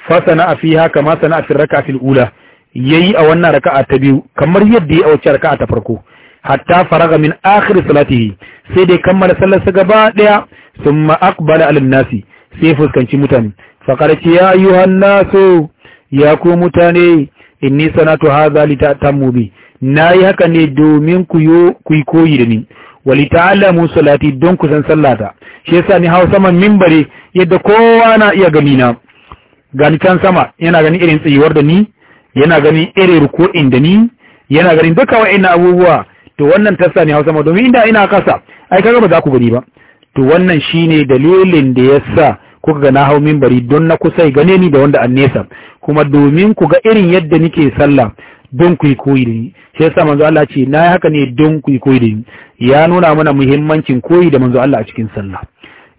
fasana a fiha kama sana a firraka fil ula yayi a wannan raka'a ta biyu kamar yadda ya a wacce raka'a ta farko hatta faraga min akhir salatihi sai dai kammala sallarsa gaba daya thumma aqbala alal nasi sai fuskanci mutane fa qarati ya ayyuhan nasu ya ku mutane inni sanatu hadha ta'tamu bi nayi haka ne domin ku yo ku koyi da ni salati don ku san sallata shi yasa ni hawo saman minbare yadda kowa na iya gani na gani can sama yana gani irin tsayuwar da ni yana gani irin ruku'in da ni yana ganin duka wa'annan abubuwa to wannan tassa ne hausa ma domin inda ina kasa ai kaga ba za ku gani ba to wannan shine dalilin da yasa kuka ga na hau minbari don na kusa gane ni da wanda an nesa kuma domin ku ga irin yadda nike sallah don ku yi koyi da ni shi yasa manzo Allah ce na haka ne don ku yi koyi da ni ya nuna mana muhimmancin koyi da manzo Allah a cikin sallah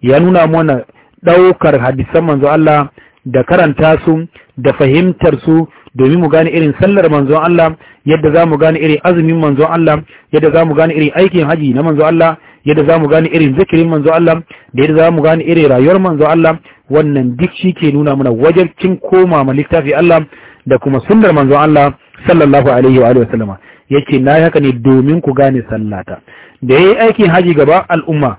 ya nuna mana daukar hadisan manzo Allah da karanta su da fahimtar su domin mu gane irin sallar manzon Allah yadda za mu gane irin azumin manzon Allah yadda za mu gane irin aikin haji na manzon Allah yadda za mu gane irin zikirin manzon Allah da yadda za mu gane irin rayuwar manzon Allah wannan duk shi ke nuna mana wajabcin koma ma littafi Allah da kuma sunnar manzon Allah sallallahu alaihi wa alihi wasallama yace nayi haka ne domin ku gane sallata da yayi aikin haji gaba al'umma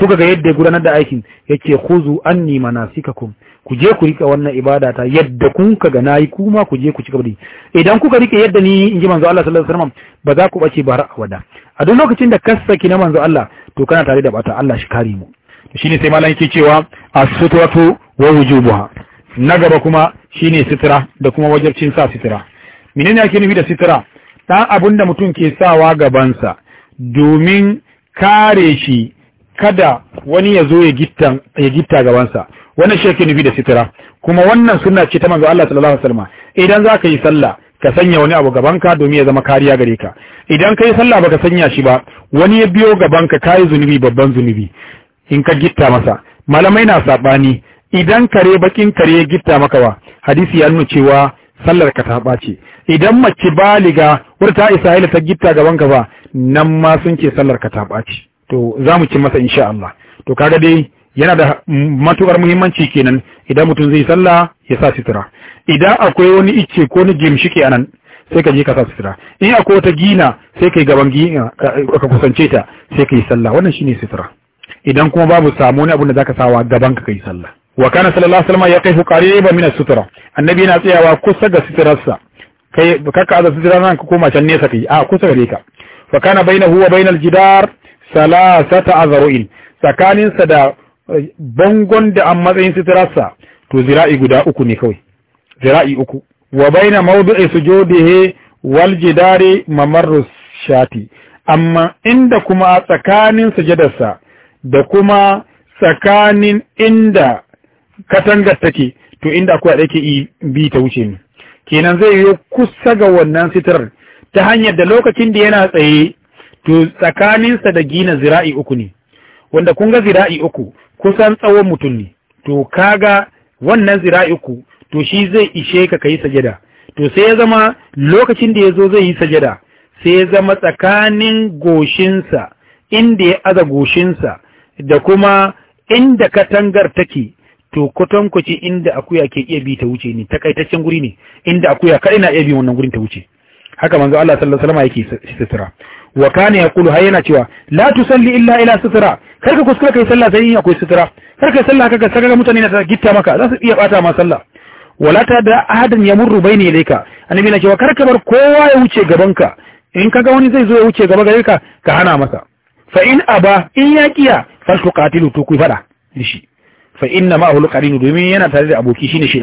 suka ga yadda ya gudanar da aikin yace khuzu anni manasikakum ku je ku rika wannan ibada ta yadda kun ka ga nayi kuma ku je ku ci gaba da idan kuka rike yadda ni inji manzo Allah sallallahu alaihi wasallam ba za ku bace bara awada a duk lokacin da kasaki na manzo Allah to kana tare da bata Allah shi kare mu shine sai malam yake cewa as-sutratu wa wujubuha na gaba kuma shine sitira da kuma wajibcin sa sitira menene ake nufi da sitra dan abin da mutum ke sawa gabansa domin kare shi kada wani ya zo ya gabansa wannan shi nufi da sitira kuma wannan suna ce ta manzo Allah sallallahu alaihi wasallam idan za ka yi sallah ka sanya wani abu gabanka domin ya zama kariya gare ka idan ka yi sallah baka sanya shi ba wani ya biyo gabanka kai zunubi babban zunubi in ka gitta masa malamai na sabani idan kare bakin kare ya gitta maka ba hadisi ya nuna cewa sallar ka ta idan mace baliga wadda ta isa ta gitta gabanka ba nan ma sun ce sallar ka ta to za mu ci masa insha Allah to kaga dai yana da matukar muhimmanci kenan idan mutum zai sallah ya sa sutura idan akwai wani icce ko ni gimshike anan sai ka je ka sa sutura in akwai wata gina sai kai gaban gina ka kusance ta sai kai yi sallah wannan shine sutura idan kuma babu samu wani abin da zaka sawa gaban ka kai sallah wa kana sallallahu alaihi wasallam yaqifu qariban min as-sutra annabi yana tsayawa kusa ga suturarsa kai kakka aza sutura nan ka koma can nesa kai a kusa gare ka fa kana bainahu wa bainal jidar salasata azra'in tsakaninsa sa da eh, bangon da an matsayin sitirarsa to zira'i guda uku ne kawai zira'i uku wa baina mawdu'i sujudihi wal jidari mamarru shati amma inda kuma a tsakanin sa da kuma tsakanin inda katangar take to inda akwai da yake bi ta wuce ne kenan zai yi kusa ga wannan sitirar ta hanyar da lokacin da yana tsaye to tsakaninsa da gina zira'i uku ne wanda kun ga zira'i uku kusan tsawon mutum ne to kaga wannan zira'i uku to shi zai ishe ka kai sajada to sai ya zama lokacin da ya zo zai yi sajada sai ya zama tsakanin goshinsa inda ya aza goshinsa da kuma inda katangar take to ce inda akuya ke iya bi ta wuce ne takaitaccen guri ne inda akuya kaɗai na iya bi wannan gurin ta wuce haka manzo Allah sallallahu alaihi wasallam yake sitira wa kana yaqulu hay yana cewa la tusalli illa ila sitira kar ka kuskura kai sallah sai akwai sitira kar ka sallah kaga saka mutane na gitta maka za su iya bata ma sallah wala ta da ahadan yamurru bayni ilayka annabi na wa kar ka bar kowa ya wuce gaban ka in kaga wani zai zo ya wuce gaba gare ka ka hana masa fa in aba in yaqiya fal tuqatilu to ku fada dishi fa inna ma ahul qarin domin yana tare da aboki shine Shi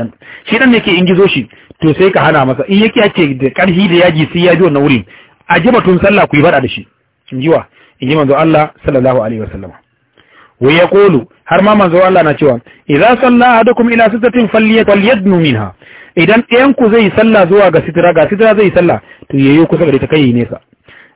shedan ne ke ingizo shi to sai ka hana masa in yake yake da karhi da yaji sai ya ji wannan wurin ajiba tun sallah ku yi bada da shi in jiwa in ji manzo Allah sallallahu alaihi wasallam wa yaqulu har ma manzo Allah na cewa idza salla ahadukum ila sitratin falyadnu minha idan ɗayan ku zai sallah zuwa ga sitira ga sitira zai sallah to yayi kusa da ta kai nesa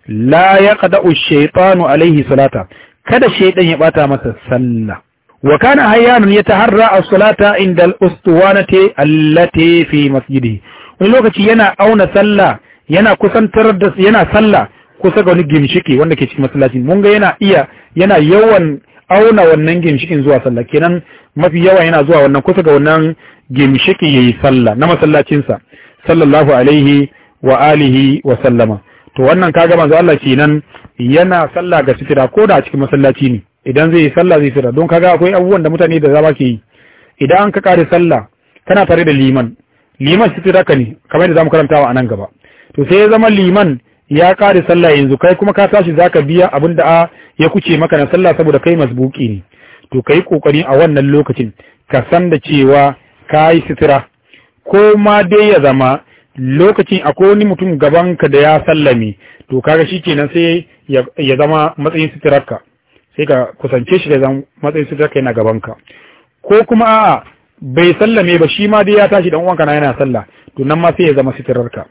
la yaqda'u ash-shaytanu alaihi salata kada shaydan ya bata masa sallah wa kana hayyanun yataharra as-salata inda al-ustuwanati allati fi masjidi wani lokaci yana auna sallah yana kusantar da yana sallah kusa ga wani ginshiki wanda ke cikin masallacin. mun ga yana iya yana yawan auna wannan ginshikin zuwa sallah kenan mafi yawa yana zuwa wannan kusa ga wannan ginshiki yayi sallah na masallacinsa sallallahu alaihi wa alihi wa sallama to wannan kaga manzo Allah kenan yana sallah ga sitira ko da cikin masallaci ne idan zai yi sallah zai fira don ga akwai abubuwan da mutane da zama ke yi idan an ka kare sallah kana tare da liman liman shi tiraka ne kamar yadda zamu karantawa a nan gaba to sai ya zama liman ya kare sallah yanzu kai kuma ka tashi ka biya abin da ya kuce maka na sallah saboda kai masbuki ne to kai kokari a wannan lokacin ka san da cewa ka yi sitira ko ma dai ya zama lokacin akwai wani mutum gaban ka da ya sallame to kaga shi kenan sai ya zama matsayin sitirarka sai ka kusance shi da zan matsayin su kai na gabanka ko kuma a'a bai sallame ba shi ma dai ya tashi dan uwanka na yana sallah to nan ma sai ya zama sitirarka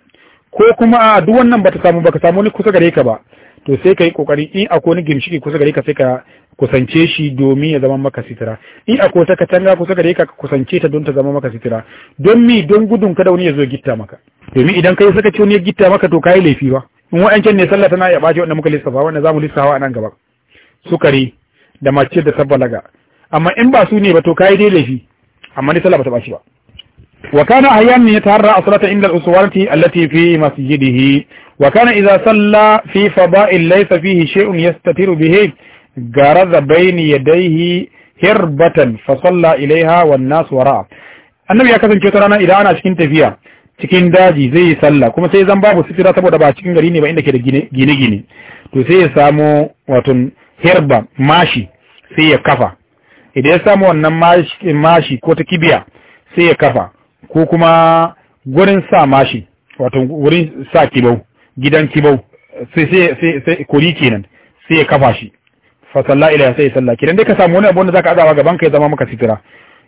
ko kuma a'a duk wannan bata samu baka samu ni kusa gare ka ba to sai ka yi kokari in akwai ni gimshiki kusa gare ka sai ka kusance shi domin ya zama maka sitira in akwai ta katanga kusa gare ka kusance ta don ta zama maka sitira don mi don gudun kada wani ya zo gitta maka domin idan kai saka ce wani ya gitta maka to kai laifi ba in wa'ancan ne sallah tana ya bace wanda muka lissafa wanda zamu lissafa a nan gaba sukari da mace da tabbalaga amma in ba su ne ba to kai dai laifi amma ni sallah ba ta bashi ba wa kana ahyan yataharra as-salata inda al-uswarati allati fi masjidihi wa kana idha salla fi fada'in laysa fihi shay'un yastatiru bihi garaza bayni yadayhi hirbatan fa salla ilaiha wan nas wara annabi ya kasance ta rana idan ana cikin tafiya cikin daji zai yi sallah kuma sai zan babu Sifira saboda ba cikin gari ne ba inda ke da gine gine to sai ya samu watan. herba mashi sai ya kafa idan ya samu wannan mashi ko ta kibiya sai ya kafa ko kuma gurin sa mashi wato gurin sa kibau gidan kibau sai sai sai kori kenan sai ya kafa shi fa salla ila sai salla kidan dai ka samu wani abu wanda zaka azawa gaban ka ya zama maka sitira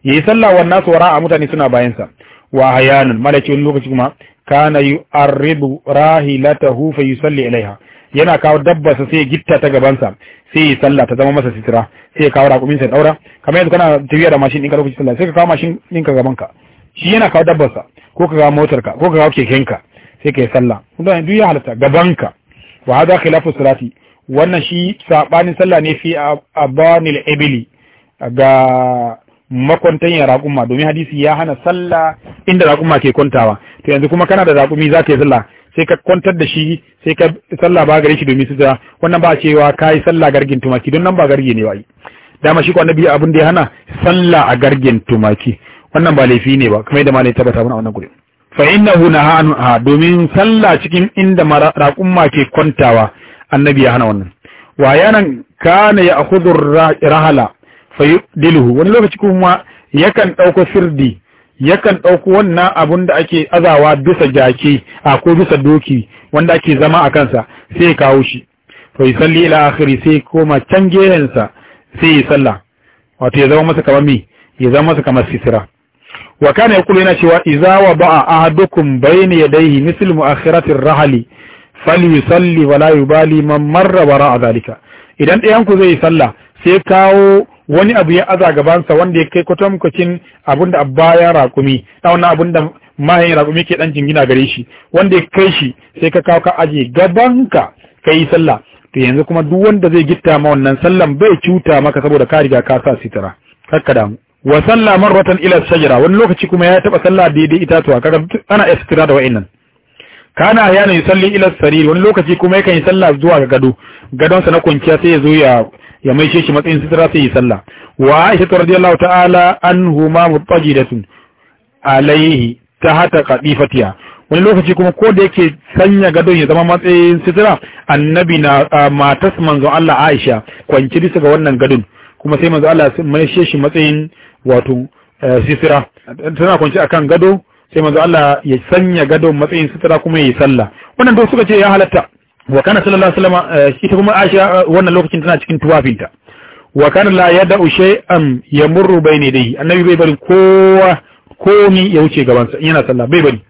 yayi salla wannan tsora a mutane suna bayan sa wa hayanun malakin wani lokaci kuma kana yu'arribu rahilatahu fa yusalli ilaiha yana kawo dabba sa, sai gitta ta gabansa sai ya sallah ta zama masa sitira sai ya kawo raƙuminsa sa daura kamar yanzu kana tafiya da mashin ɗinka lokacin sallah sai ka kawo mashin ɗinka ka. shi yana kawo sa ko ka kawo motarka ko ka kawo kekenka sai ka yi sallah kuma duk ya halatta ka wa hada khilafu salati wannan shi sabanin sallah ne fi abanil ibli ga makwantan ya raƙuma domin hadisi ya hana sallah inda raƙuma ke kwantawa to yanzu kuma kana da raƙumi za ka yi sallah sai ka kwantar da shi sai ka sallah ba gare shi domin sutura wannan ba a cewa ka yi sallah gargin tumaki don nan ba garge ne ba yi dama shi ko annabi abin da ya hana sallah a gargin tumaki wannan ba laifi ne ba kamar yadda malai tabbata mana a wannan gurin fa innahu naha anha domin sallah cikin inda raqumma ke kwantawa annabi ya hana wannan wa yanan kana akhudhu rahala fayudiluhu wani lokaci kuma yakan dauko sirdi yakan ɗauko wannan abun da ake azawa bisa jaki a ko bisa doki wanda ake zama a kansa sai ya kawo shi to yi salli ila akhiri sai koma can gehensa sai yi sallah wato ya zama masa kamar mi ya zama masa kamar sisira wa kana kula yana cewa iza wa ba'a ahadukum bayna yadayhi misl mu'akhiratir rahli falyusalli wa la yubali man marra wara'a zalika idan ɗayan ku zai sallah sai kawo wani abu ya aza gabansa wanda ya kai abun abinda abba ya raƙumi na wannan abinda mahayin raƙumi ke ɗan jingina gare shi wanda ya kai shi sai ka kawo ka aje gabanka ka yi sallah to yanzu kuma duk wanda zai gitta ma wannan sallan bai cuta maka saboda ka riga ka sa sitara, kakka damu wa sallah marratan ila shajara wani lokaci kuma ya taba sallah daidai itatuwa kaga ana istira da wa'annan kana yana yusalli ila sarir wani lokaci kuma yakan yi sallah zuwa ga gado gadonsa na kwanciya sai ya zo ya ya maishe shi matsayin sutura sai yi sallah wa aisha ta radiyallahu ta'ala da sun. alaihi ta hata fatiya wani lokaci kuma ko da yake sanya gadon ya zama matsayin sutura annabi na matas manzo Allah Aisha kwanci bisa ga wannan gadon kuma sai manzo Allah maishe shi matsayin wato eh, sutura tana kwanci akan gado sai manzo Allah ya sanya gadon matsayin sutura kuma ya yi sallah wannan duk suka ce ya halatta wa kana sallallahu alaihi wasallam eh, ita kuma Aisha eh, wannan lokacin tana cikin tuwafinta wa kana la yad'u am yamurru bayna dai annabi bai bari kowa komi ya wuce gaban sa yana sallah bai bari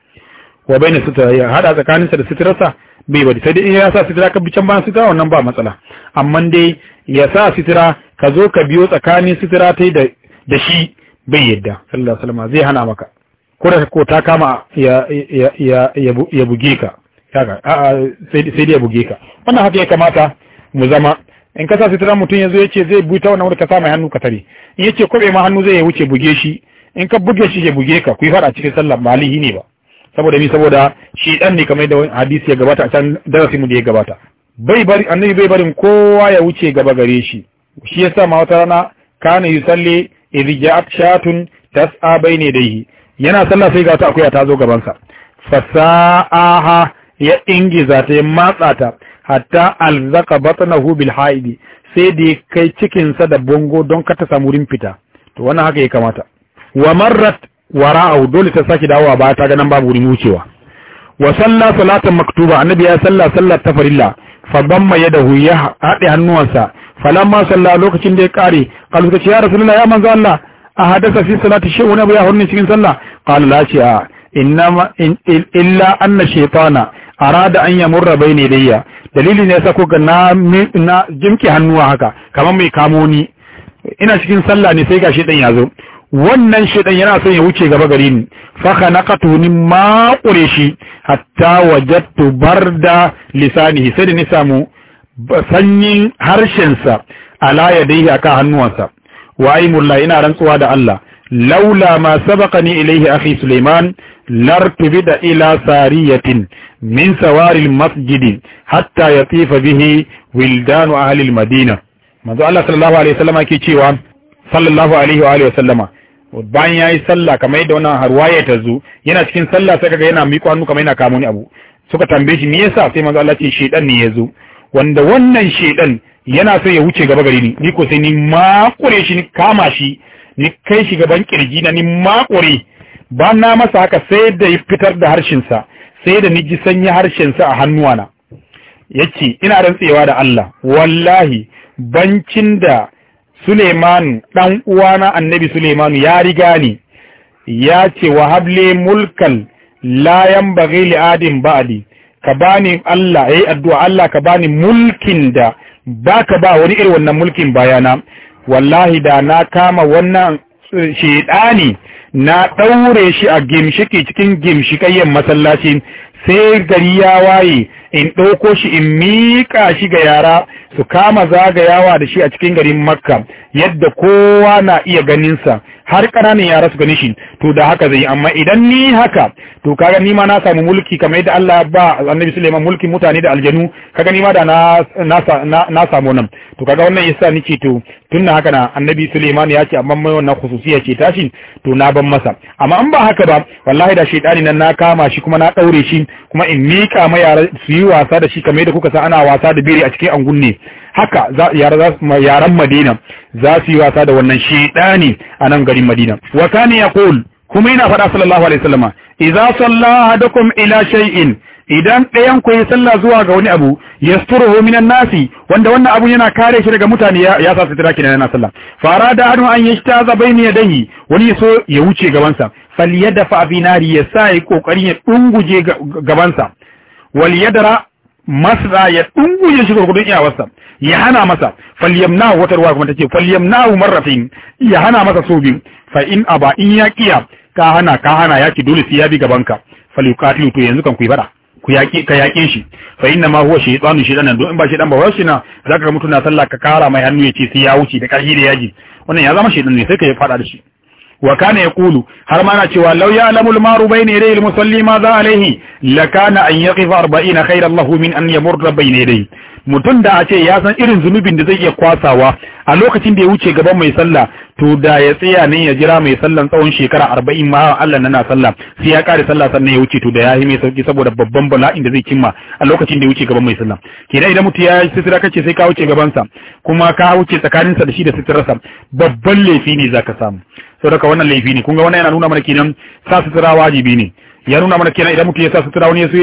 wa bayna sita ya hada tsakaninsa da sitrarsa bai bari sai dai ya sa sitira ka bi can bayan sitira wannan ba matsala amma dai ya sa sitira ka zo ka biyo tsakanin sitira ta da da shi bai yadda sallallahu alaihi wasallam zai hana maka ko da ko ta kama ya ya ya buge ka kaga a'a sai dai ya buge ka wannan haka ya kamata mu zama in ka sa sutura mutum yanzu ya ce zai buta wannan wani ka sa mai hannu ka tare in ya ce kwabe ma hannu zai wuce buge shi in ka buge shi ya buge ka ku yi fara cikin sallah ba alihi ne ba saboda mi saboda shi dan ne kamar da hadisi ya gabata a can darasi mu da ya gabata bai bari annabi bai barin kowa ya wuce gaba gare shi shi yasa ma wata rana kana yusalli idh ja'at shatun tas'a bayna yadayhi yana sallah sai ga wata akuya ta zo gaban sa fasa'aha ya ingiza ta ya matsa ta hatta alzaka batnahu bil haidi sai da ya kai cikinsa da bongo don ka ta samu fita to wannan haka ya kamata wa marrat wara'u dole ta saki dawowa ba ta ganin babu wurin wucewa wa salla salatan maktuba annabi ya salla sallar ta farilla fa damma yadahu ya hade hannuwansa falamma salla lokacin da ya kare qalu ta ya rasulullah ya manzo Allah a hadasa fi salati wani abu ya cikin sallah qala la shi'a inna illa anna shaytana arada an yamurra ne daya dalili ne yasa kuka na na jimki hannuwa haka kamar mai kamo ni ina cikin sallah ne sai gashi dan yazo wannan shedan yana son ya wuce gaba gare ni fa khanaqatu ni ma kure shi hatta wajadtu barda lisanihi sai da ni samu sanyin harshensa ala yadayhi aka hannuwansa wa aimullah ina rantsuwa da Allah laula ma sabaqani ilayhi akhi Sulaiman lartubida ila sariyatin min sawari masjidi hatta yatifa bihi wildan ahli almadina manzo Allah sallallahu alaihi wasallama ke cewa sallallahu alaihi wa alihi wasallama bayan yayi sallah kamar yadda wannan harwaya ta zo yana cikin sallah sai kaga yana miƙo hannu kamar yana kama ni abu suka tambaye shi me yasa sai manzo Allah ce shedan ne ya zo wanda wannan shedan yana so ya wuce gaba gari ni ni ko sai ni makure shi ni kama shi ni kai shi gaban kirji na ni makure ba na masa haka sai da ya fitar da harshensa sai da ni ji sanya sa a hannuwana yace ina rantsewa da Allah wallahi bancin da Suleiman dan uwana Annabi Suleiman ya riga ni yace ce wa hable mulkan la yanbaghi li adin ba'di ka bani Allah yayi addu'a Allah ka bani mulkin da baka ba wani irin wannan mulkin bayana wallahi da na kama wannan eh, shedani na ɗaure shi a gimshiki cikin gimshikayyen masallacin sai gari ya waye in ɗauko shi in miƙa shi ga yara su kama zagayawa da shi a cikin garin makka yadda kowa na iya ganinsa har ƙananan ya rasu gani shi to da haka zai amma idan ni haka to kaga ni ma na samu mulki kamar yadda Allah ya ba Annabi Sulaiman mulkin mutane da aljanu kaga ni ma da na na samu nan to kaga wannan yasa nake to tun haka na Annabi Sulaiman ya ce amma mai wannan khususiya ce tashi to na ban masa amma an ba haka ba wallahi da shaytani nan na kama shi kuma na daure shi kuma in mika ma yara su yi wasa da shi kamar yadda kuka sa ana wasa da biri a cikin angunne haka yaren madina za su yi wasa da wannan ne a nan garin madina wa ya Kol. kuma yana faɗa sallallahu alaihi wasallama idza salla ahadukum ila shay'in idan ɗayan ku yi sallah zuwa ga wani abu yasturuhu minan nasi wanda wannan abu yana kare shi daga mutane ya sa sutura kina yana sallah fara da hannu an yashtaza ya yadayhi wani so ya wuce gabansa sa falyadfa bi nari ya sa yi kokarin ya dunguje gabansa sa wal yadra masra ya dunguje shi gurgudun iyawarsa ya hana masa falyamna watar ruwa kuma tace falyamna marratin ya hana masa so biyu fa in aba in ya kiya ka hana ka hana ya ki dole sai ya bi gabanka falyuqatilu to yanzu kan ku fada ku yaki ka yakin shi fa inna ma huwa shaytanu shaytanan don in ba shaytan ba wai shi na zaka ga mutuna sallah ka kara mai hannu ya ce sai ya wuce da karhi da yaji wannan ya zama shaytan ne sai ka ya fada da shi wa kana yaqulu har ma na cewa law lamul maru bayna yaday al-musalli ma za alayhi la kana an yaqifa 40 khayra lahu min an yamurra bayna yaday mutun da a ce ya san irin zunubin da zai iya kwasawa a lokacin da ya wuce gaban mai sallah to da ya tsaya ne ya jira mai sallan tsawon shekara 40 ma Allah nana sallah sai ya kare sallah sannan ya wuce to da ya yi mai sauki saboda babban bala'in da zai kimma a lokacin da ya wuce gaban mai sallah kenan idan mutum ya yi sitira kace sai ka wuce gaban sa kuma ka wuce tsakaninsa da shi da sitirarsa babban laifi ne zaka samu sau daga wannan laifi ne kunga wannan yana nuna mana kenan sa sutura wajibi ne ya nuna mana kenan idan mutum ya sa sutura wani yazo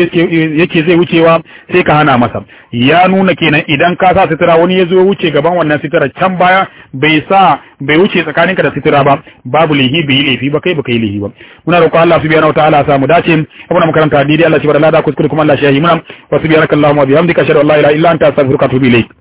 yake zai wucewa sai ka hana masa ya nuna kenan idan ka sa sutura wani ya wuce gaban wannan sutura can baya bai sa bai wuce tsakaninka da sutura ba babu lihi bai laifi ba kai ba kai lihi ba muna roƙon Allah subhanahu wataala sa mu dace abuna makaranta didi Allah shi bar lada kuskure kuma Allah shi yi muna wa subhanakallahumma wa bihamdika ashhadu an la ilaha illa anta astaghfiruka wa atubu ilaik